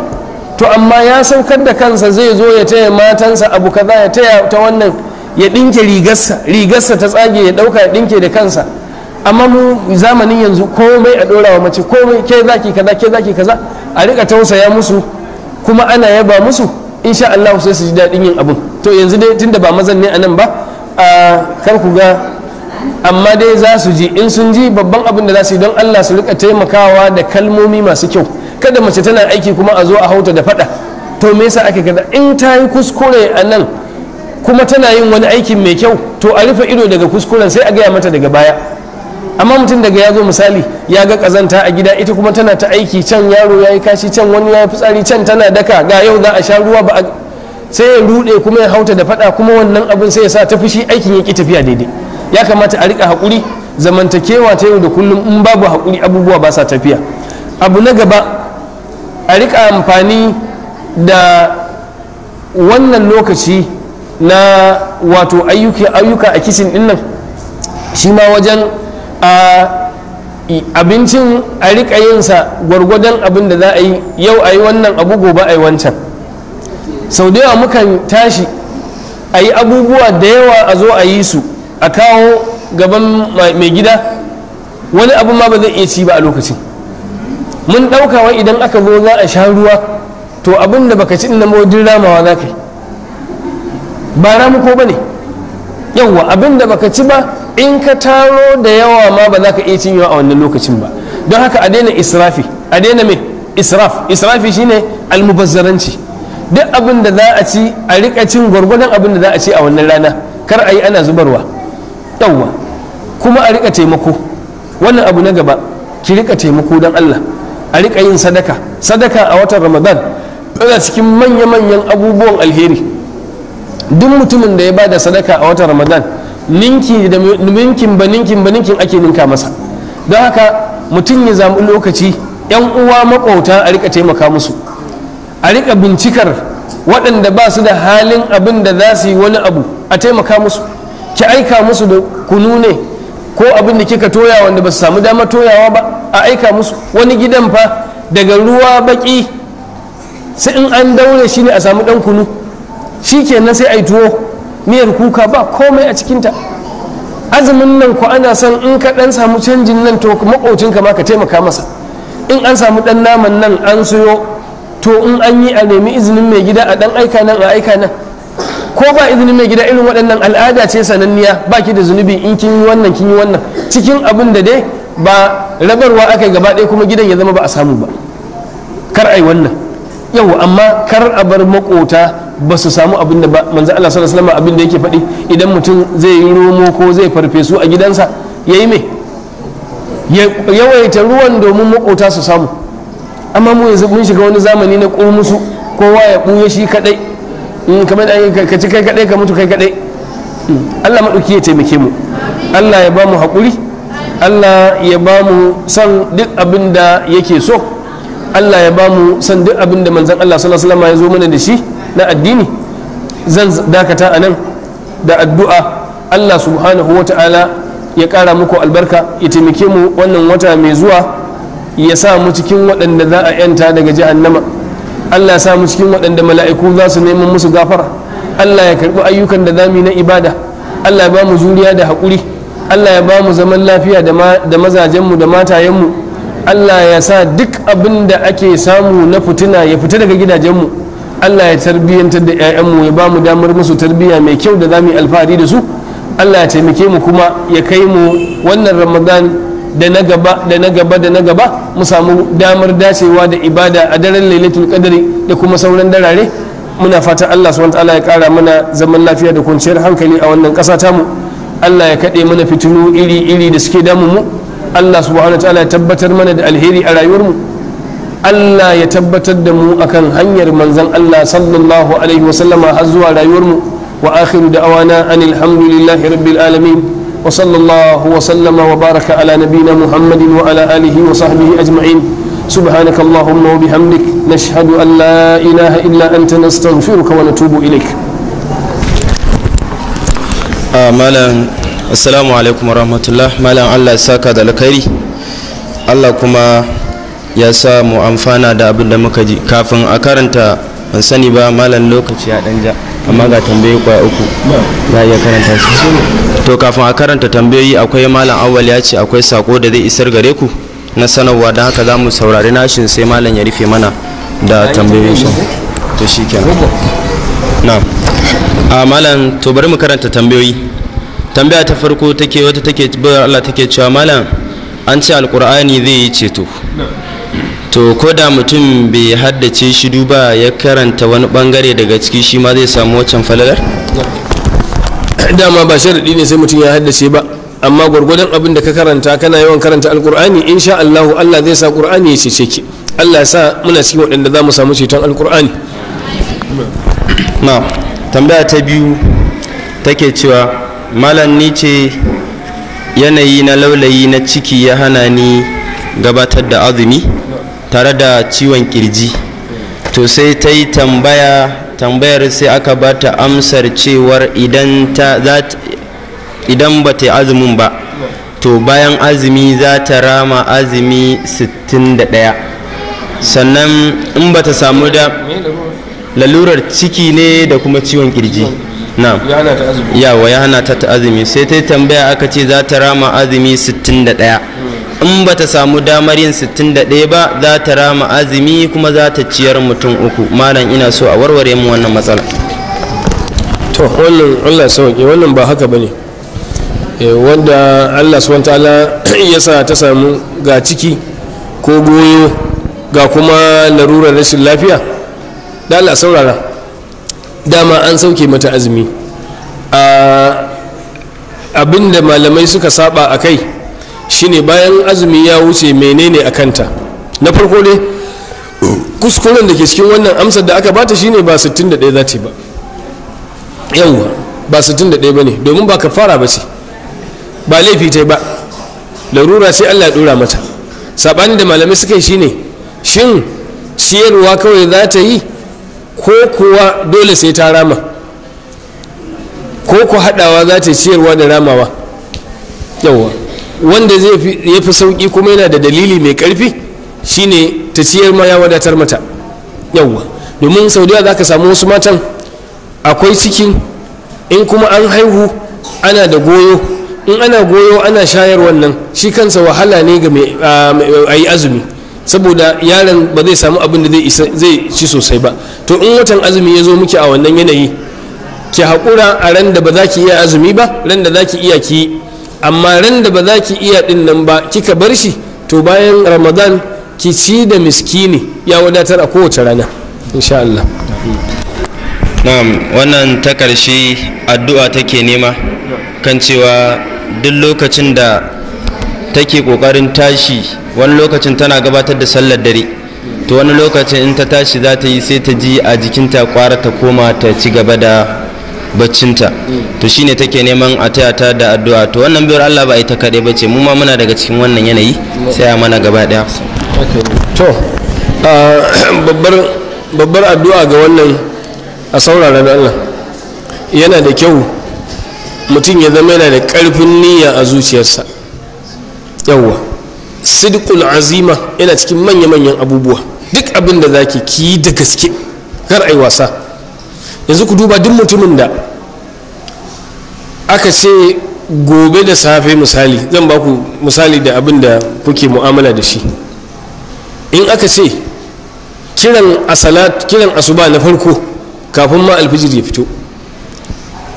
to amma ya saukar da kansa zai zo ya taya matansa abu kaza ya taya ta wannan ya ɗinke rigarsa rigarsa ta tsage ya ɗauka ya ɗinke da kansa amma mu zamanin yanzu komai a ɗora wa mace komai ke zaki kaza ke zaki kaza a riƙa tausaya musu kuma ana yaba musu insha Allah sai su ji daɗin yin abun to yanzu dai tunda ba mazan ne a nan ba a kar ku ga amma dai za su ji in sun ji babban abin da za su yi don Allah su rika taimakawa da kalmomi masu kyau kada mace tana aiki kuma a zo a hauta da faɗa to me yasa ake kada in ta yi kuskure a nan kuma tana yin wani aikin mai kyau to a rufe ido daga kuskuren sai a gaya mata daga baya amma mutum daga ya zo misali ya ga kazanta a gida ita kuma tana ta aiki can yaro ya yi kashi can wani ya yi fitsari can tana daka ga yau za a sha ruwa ba sai ya rude kuma ya hauta da fada kuma wannan abin sai ya sa ta fushi aikin ya ki tafiya daidai ya kamata a rika hakuri zamantakewa ta yau da kullum in babu haƙuri abubuwa ba sa tafiya abu na gaba a rika amfani da wannan lokaci na wato ayyuka a kishin dinnan shi ma wajen a abincin a riƙa yinsa gwargwadon abin da za a yi yau a yi wannan abu gobe a yi wancan sau da yawa mukan tashi a yi abubuwa da yawa a zo a yi su a kawo gaban mai gida wani abu ma ba zai iya ci ba a lokaci. mun ɗaukawa idan aka zo za a sha ruwa to abin da baka ci na modin ramawa za ka yi ba ko ba ne yawwa abin da baka ci ba in ka taro da yawa ma ba za ka iya cinyewa a wannan lokacin ba don haka a daina israfi a daina mai israf israfi shine almubazzaranci duk abin da za a ci a riƙa cin gwargwadon abin da za a ci a wannan rana kar a yi ana zubarwa yawwa kuma a riƙa taimako wannan abu na gaba ki riƙa taimako don Allah a riƙa yin sadaka sadaka a watan ramadan tana cikin manya-manyan abubuwan alheri duk mutumin da ya bada sadaka a watan ramadan ninki da ninkin ba ninkin ba ninkin ake ninka masa don haka mutum ya zamu lokaci yan uwa makwauta a rika taimaka musu a rika bincikar waɗanda ba su da halin abin da za su yi wani abu a taimaka musu ki aika musu da kunu ne ko abin da kika toya wanda ba su samu dama toyawa ba a aika musu wani gidan fa daga ruwa baki sai in an daure shi ne a samu ɗan kunu shi kenan sai a yi tuwo miyar kuka ba komai a cikinta azumin nan ku ana son in ka dan samu canjin nan to makocinka ma ka taimaka masa in an samu dan naman nan an siyo to in an yi a nemi izinin mai gida a dan aika nan a aika nan ko ba izinin mai gida irin waɗannan al'ada ce sananniya ba ki da zunubi in kin yi wannan kin yi wannan cikin abin da dai ba rabarwa aka yi gaba ɗaya kuma gidan ya zama ba a samu ba kar ai wannan yau amma kar a bar makota ba su samu abin da manzo Allah sallallahu alaihi abin da yake faɗi idan mutum zai yi romo ko zai farfesu a gidansa yayi me yawaita ruwan domin makota su samu amma mu yanzu mun shiga wani zamani na musu kowa ya ɓuya shi kaɗai kamar da ka ci kai kaɗai ka mutu kai kaɗai Allah maɗauki ya taimake mu Allah ya ba mu haƙuri Allah ya ba mu son duk abin da yake so Allah ya ba mu son duk abin da manzon Allah sallallahu alaihi wasallam ya zo mana da shi na addini zan dakata a nan da addu'a Allah subhanahu wa ta'ala ya ƙara muku albarka ya taimake mu wannan wata mai zuwa ya sa mu cikin waɗanda za a yanta daga jahannama Allah ya sa mu cikin waɗanda mala'iku za su neman musu gafara Allah ya karɓi ayyukan da zami na ibada Allah ya ba mu zuriya da haƙuri Allah ya ba mu zaman lafiya da mazajenmu da matayenmu Allah ya sa duk abin da ake samu na fitina ya fita daga gidajenmu Allah ya tarbiyyantar da 'ya'yanmu ya ba mu damar musu tarbiyya mai kyau da za mu yi alfahari da su Allah ya taimake mu kuma ya kai mu wannan ramadan da na gaba da na gaba da na gaba mu samu damar dacewa da ibada a daren lailatul kadari da kuma sauran darare muna fata Allah subhanahu ta'ala ya kara mana zaman lafiya da kwanciyar hankali a wannan kasa tamu Allah ya kaɗe mana fitilu iri iri da suke damu mu Allah subhanahu ta'ala ya tabbatar mana da alheri a rayuwar mu Allah ya tabbatar da mu akan hanyar manzon Allah sallallahu alaihi wasallama har zuwa rayuwarmu wa akhiru awana anil hamdulillahi rabbil alamin wa sallallahu wa sallama wa baraka ala nabina muhammadin wa ala alihi wa sahbihi ajma'in سبحانك اللهم وبحمدك نشهد أن لا إله إلا أنت نستغفرك ونتوب إليك malam assalamu alaikum warahmatullah malam allah saka da alkhairi allah kuma ya sa mu amfana da abin da muka ji kafin a karanta ban sani ba malam lokaci ya danja amma ga tambayi kwa uku za iya karanta su to kafin a karanta tambayoyi akwai malam awal ya ce akwai sako da zai isar gare ku na sanarwa don haka za mu saurari nashin sai malam ya rufe mana da tambayoyin shi to shi na a malam to bari mu karanta tambayoyi tambaya ta farko take wata take Allah take cewa malam an ce alkur'ani zai yi ceto to ko da mutum bai haddace shi duba ya karanta wani bangare daga ciki shi ma zai samu waccan falalar dama ba sharaɗi ne sai mutum ya haddace ba amma gwargwadon abin da ka karanta kana yawan karanta alkur'ani insha allahu allah zai sa qur'ani ya cece ki allah ya sa muna cikin waɗanda za mu samu ceton alkur'ani na tambaya ta biyu take cewa malam ni ce yanayi na laulayi na ciki ya hana ni gabatar da azumi tare da ciwon kirji to sai ta yi tambaya tambayar sai aka ba ta amsar cewar idan ta idan ba ta yi azumin ba to bayan azumi za ta rama azumi 61 sannan in ba ta samu da lalurar ciki ne da kuma ciwon kirji na yawa ya hana ta ta azumi sai ta yi tambaya aka ce za ta rama azumi 61 in ba ta samu damar yin 61 ba za ta rama azumi kuma za ta ciyar mutum uku malam ina so a warware mu wannan matsala to wannan allah sauke wannan ba haka ba ne eh, wanda allah suwan ta'ala ya sa ta samu ga ciki ko goyo ga kuma larurar rashin lafiya da allah saurara dama an sauke mata azumi ah, abinda malamai suka saba a kai shine bayan azumi ya wuce menene a kanta na farko dai kuskuren da ke cikin wannan amsar da aka bata shine ba 61 za ta ba yawwa ba 61 ba ne domin ba ka fara ba ce ba laifi ta ba larura sai allah ya dora mata saɓani da malamai suka yi shine shin ciyarwa kawai za ta yi ko kuwa dole sai ta rama ko ku haɗawa za ta ciyarwa da ramawa yawwa wanda zai ya fi sauƙi kuma yana da dalili mai ƙarfi shine ta ciyar ma ya wadatar mata yawwa domin saudiya za ka samu wasu matan akwai cikin in kuma an haihu ana da goyo in ana goyo ana shayar wannan shi kansa wahala ne ga mai azumi saboda yaron ba zai samu abin da zai ci sosai ba to in watan azumi ya zo muke a wannan yanayi ki haƙura a ran da ba za ki iya azumi ba ran da za ki iya ki amma ran da ba za ki iya din nan ba kika bar shi to bayan ramadan ki ci da miskini ya wadatar a kowace rana insha Allah na'am wannan ta karshe addu'a take nema kan cewa duk lokacin da take ƙoƙarin tashi wani lokacin tana gabatar da sallar dare to wani lokacin in ta tashi za ta yi sai ta ji a jikinta kwara ta koma ta ci gaba da baccinta mm. to shine take neman a taya ta da addu'a to wannan biyar Allah ba ita kaɗai ba ce mu ma muna daga cikin wannan yanayi mm. sai a mana gaba ɗaya to uh, babbar addu'a ga wannan a saurara da Allah yana da kyau mutum ya zama yana da ƙarfin niyya a zuciyarsa yawwa sidqul azima yana cikin manya-manyan abubuwa duk abin da zaki ki da gaske kar ai wasa yanzu ku duba duk mutumin da aka ce gobe da safe misali zan ba ku misali da abin da kuke mu'amala da shi in aka ce kiran asalat kiran asuba na farko kafin ma alfijir ya fito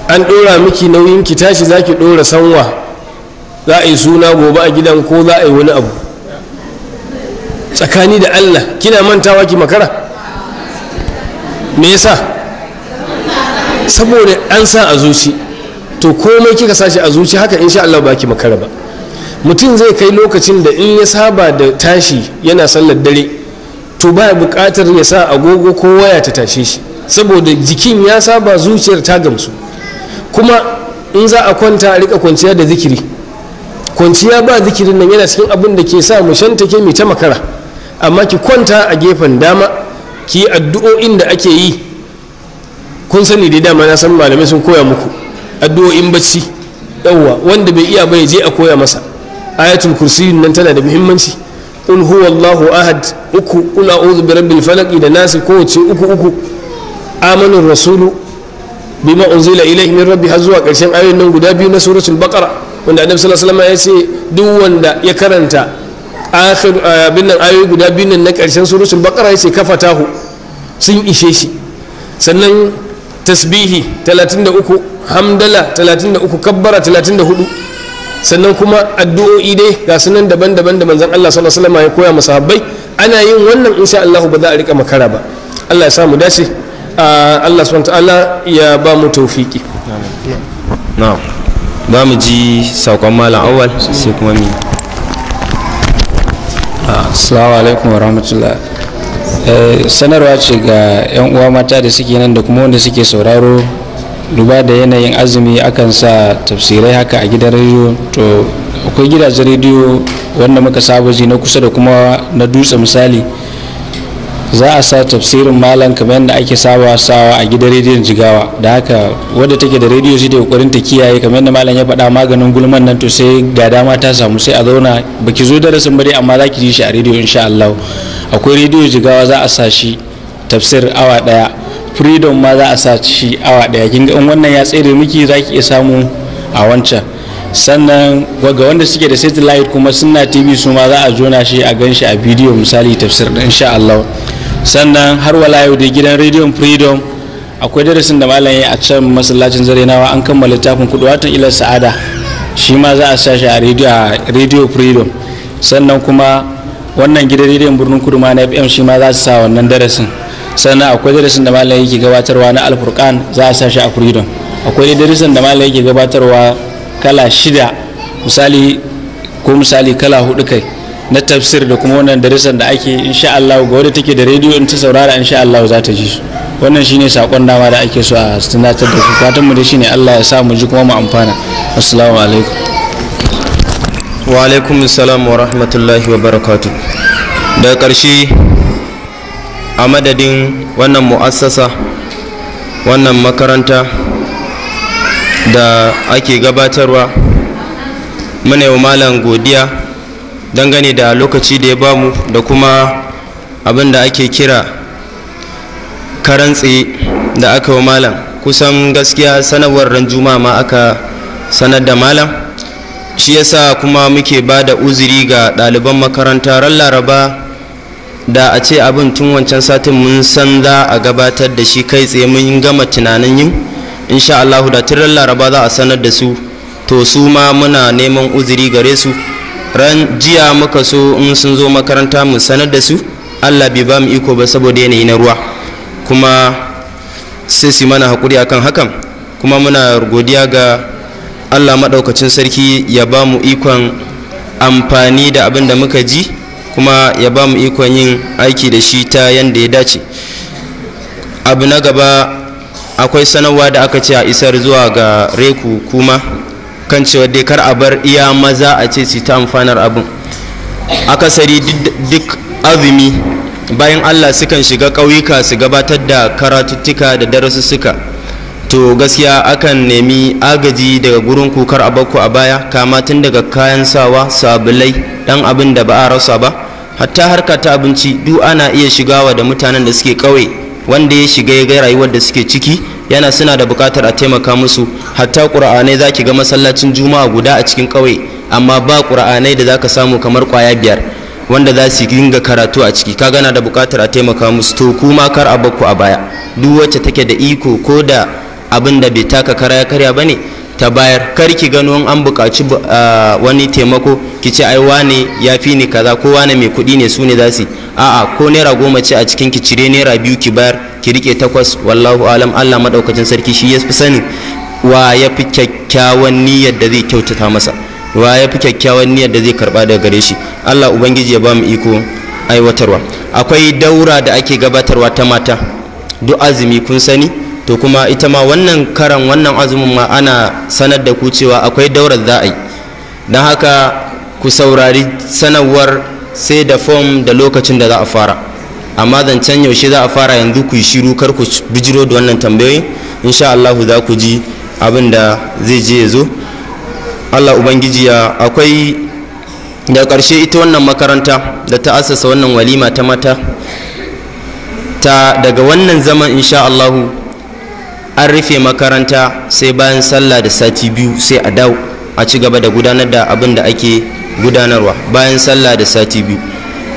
an ɗora miki nauyin ki tashi zaki ki ɗora sanwa za a yi suna gobe a gidan ko za a yi wani abu tsakani da allah kina mantawa ki makara me yasa saboda an sa a zuci to komai kika sashi a zuci haka in insha Allah baki makara ba mutum zai kai lokacin da in ya saba da tashi yana sallar dare to ba bukatar ya sa agogo ko waya ta tashe shi saboda jikin ya saba zuciyar ta gamsu kuma in za a kwanta a rika kwanciya da zikiri kwanciya ba zikirin nan yana cikin abin da ke sa mu shantake mai ta makara amma ki kwanta a gefen dama ki addu'o'in da ake yi kun sani dai dama na san malamai sun koya muku addu'o'in bacci yawwa wanda bai iya ba ya je a koya masa ayatul kursi nan tana da muhimmanci qul huwallahu ahad uku qul a'udhu bi rabbil falaq da nasi kowace uku uku amanar rasulu bima unzila ilayhi min rabbi har zuwa karshen ayoyin nan guda biyu na suratul baqara wanda annabi sallallahu alaihi wasallam ya ce duk wanda ya karanta akhir eh, abin nan ayoyi guda biyu nan na karshen suratul baqara ya ce kafatahu sun ishe shi sannan tasbihi 33 hamdala 33 kabbara 34 sannan kuma addu'o'i dai ga sunan daban-daban da manzon Allah sallallahu alaihi ya koya masa habbai ana yin wannan insha Allah ba za a rika makara ba Allah ya samu dace Allah subhanahu ta'ala ya ba mu tawfiki na'am ba mu ji sakon malam awwal sai kuma mi assalamu alaikum wa rahmatullah Eh, sanarwa ce ga 'yan uwa mata da suke nan da kuma wanda suke sauraro duba da yanayin azumi akan sa tafsirai haka a gidan rediyo to akwai gidajen rediyo wanda muka saba ji na kusa da kuma na dutse misali za a sa tafsirin malam kamar yadda ake sawa sawa a gidan rediyon jigawa da haka wadda take da rediyo shi da kokarin ta kiyaye kamar yadda malam ya faɗa maganin gulman nan to sai ga dama ta samu sai a zauna baki zo darasin ba dai amma za ki ji shi a rediyo insha Allah akwai rediyo jigawa za a sa shi tafsir awa daya freedom ma za a sa shi awa daya kin in wannan ya tsere miki za ki iya samu a wancan sannan ga wanda suke da satellite kuma suna tv su ma za a jona shi a gan shi a bidiyo misali tafsir din sha Allah sannan har wala yau da gidan radio freedom akwai darasin da malam ya a can masallacin zarenawa an kammala littafin kudu watan ila sa'ada shi ma za a sa shi a radio freedom sannan kuma wannan gidan rediyon birnin kudu ma na fm shi ma za su sa wannan darasin sannan akwai darasin da malam yake gabatarwa na alfurkan za a sa shi a freedom akwai darasin da malam yake gabatarwa kala shida misali ko misali kala hudu kai na tafsir da kuma wannan darasan da ake insha Allah ga wadda take da rediyo in ta saurara insha Allah za ta ji su wannan shine sakon dama da ake so a tunatar da su fatan mu da shine Allah ya sa mu ji kuma mu amfana assalamu alaikum wa alaikum assalam wa rahmatullahi wa barakatuh daga ƙarshe a madadin wannan mu'assasa wannan makaranta da ake gabatarwa muna yi malam godiya dangane da lokaci da ya bamu da kuma abin da ake kira karantse da aka yi malam kusan gaskiya sanarwar ranjuma ma aka sanar da malam shi yasa kuma muke ba da uzuri ga ɗaliban makaranta ran laraba da a ce abin tun wancan satin mun san za a gabatar da shi kai tsaye mun gama tunanin yin insha Allah da tirar laraba za a sanar da su to su ma muna neman uzuri gare su ran jiya muka so in sun zo makaranta mu sanar da su Allah bai ba mu iko ba saboda yanayi na ruwa kuma sai su mana hakuri akan hakan kuma muna godiya ga Allah maɗaukacin sarki ya ba mu ikon amfani da abin da muka ji kuma ya ba mu ikon yin aiki da shi ta yadda ya dace abu na gaba akwai sanarwa da aka ce a isar zuwa ga reku kuma kan cewa dai kar a bar iya maza a ce su ta amfanar abin akasari duk azumi bayan allah sukan shiga ƙauyuka su gabatar da karatuttuka da darasussuka to gaskiya akan nemi agaji daga gurin kukar bakku a baya kama tun daga kayan sawa sabulai dan abin da ba a rasa ba hatta harka ta abinci duk ana iya shigawa da mutanen da suke ƙauye wanda ya shiga ya ga rayuwar da suke ciki yana suna da bukatar a taimaka musu hatta ƙura'anai za ki ga masallacin juma'a guda a cikin ƙauye amma ba ƙura'anai da za ka samu kamar ƙwaya biyar wanda za su dinga karatu a ciki kaga na da bukatar a taimaka musu to ku ma kar a bakku a baya duk wacce take da iko ko da abin da bai taka kara ya karya ne. ta bayar kar ki gano in an buƙaci wani taimako ki ce ai wane ya fi ni kaza ko wane mai kuɗi ne su ne za su a'a ko naira goma ce a cikin ki cire naira biyu ki bayar ki rike takwas wallahu alam Allah maɗaukacin sarki shi ya fi sanin wa ya fi kyakkyawan niyyar da zai kyautata masa wa ya fi kyakkyawan niyyar da zai karɓa daga gare shi Allah ubangiji ya ba mu iko aiwatarwa akwai daura da ake gabatarwa ta mata duk azumi kun sani to kuma ita ma wannan karan wannan azumin ma ana sanar da ku cewa akwai daurar za a yi don haka ku saurari sanarwar sai da fom da lokacin da za a fara amma zancen yaushe za a fara yanzu ku yi shiru kar ku bijiro da wannan tambayoyi insha Allahu za ku ji abin da zai je ya zo Allah Ubangiji ya akwai da ƙarshe ita wannan makaranta da ta asasa wannan walima ta mata ta daga wannan zaman insha Allahu an rufe makaranta sai bayan sallah da sati biyu sai a dau a ci gaba da gudanar da abin da ake gudanarwa bayan sallah da sati biyu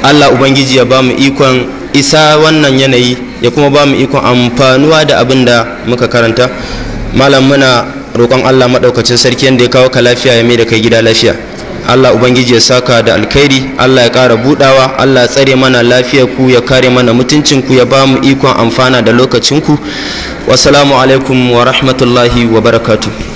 allah ubangiji ya ba mu ikon isa wannan yanayi ya kuma ba mu ikon amfanuwa da abin da muka karanta malam muna roƙon allah maɗaukacin sarki yadda ya kawo ka lafiya ya mai da kai gida lafiya Allah ubangiji ya saka da alkhairi Allah ya kara budawa Allah ya tsare mana lafiyar ku ya kare mana mutuncin ku ya mu ikon amfana da lokacin ku wassalamu alaikum wa rahmatullahi wa barakatuh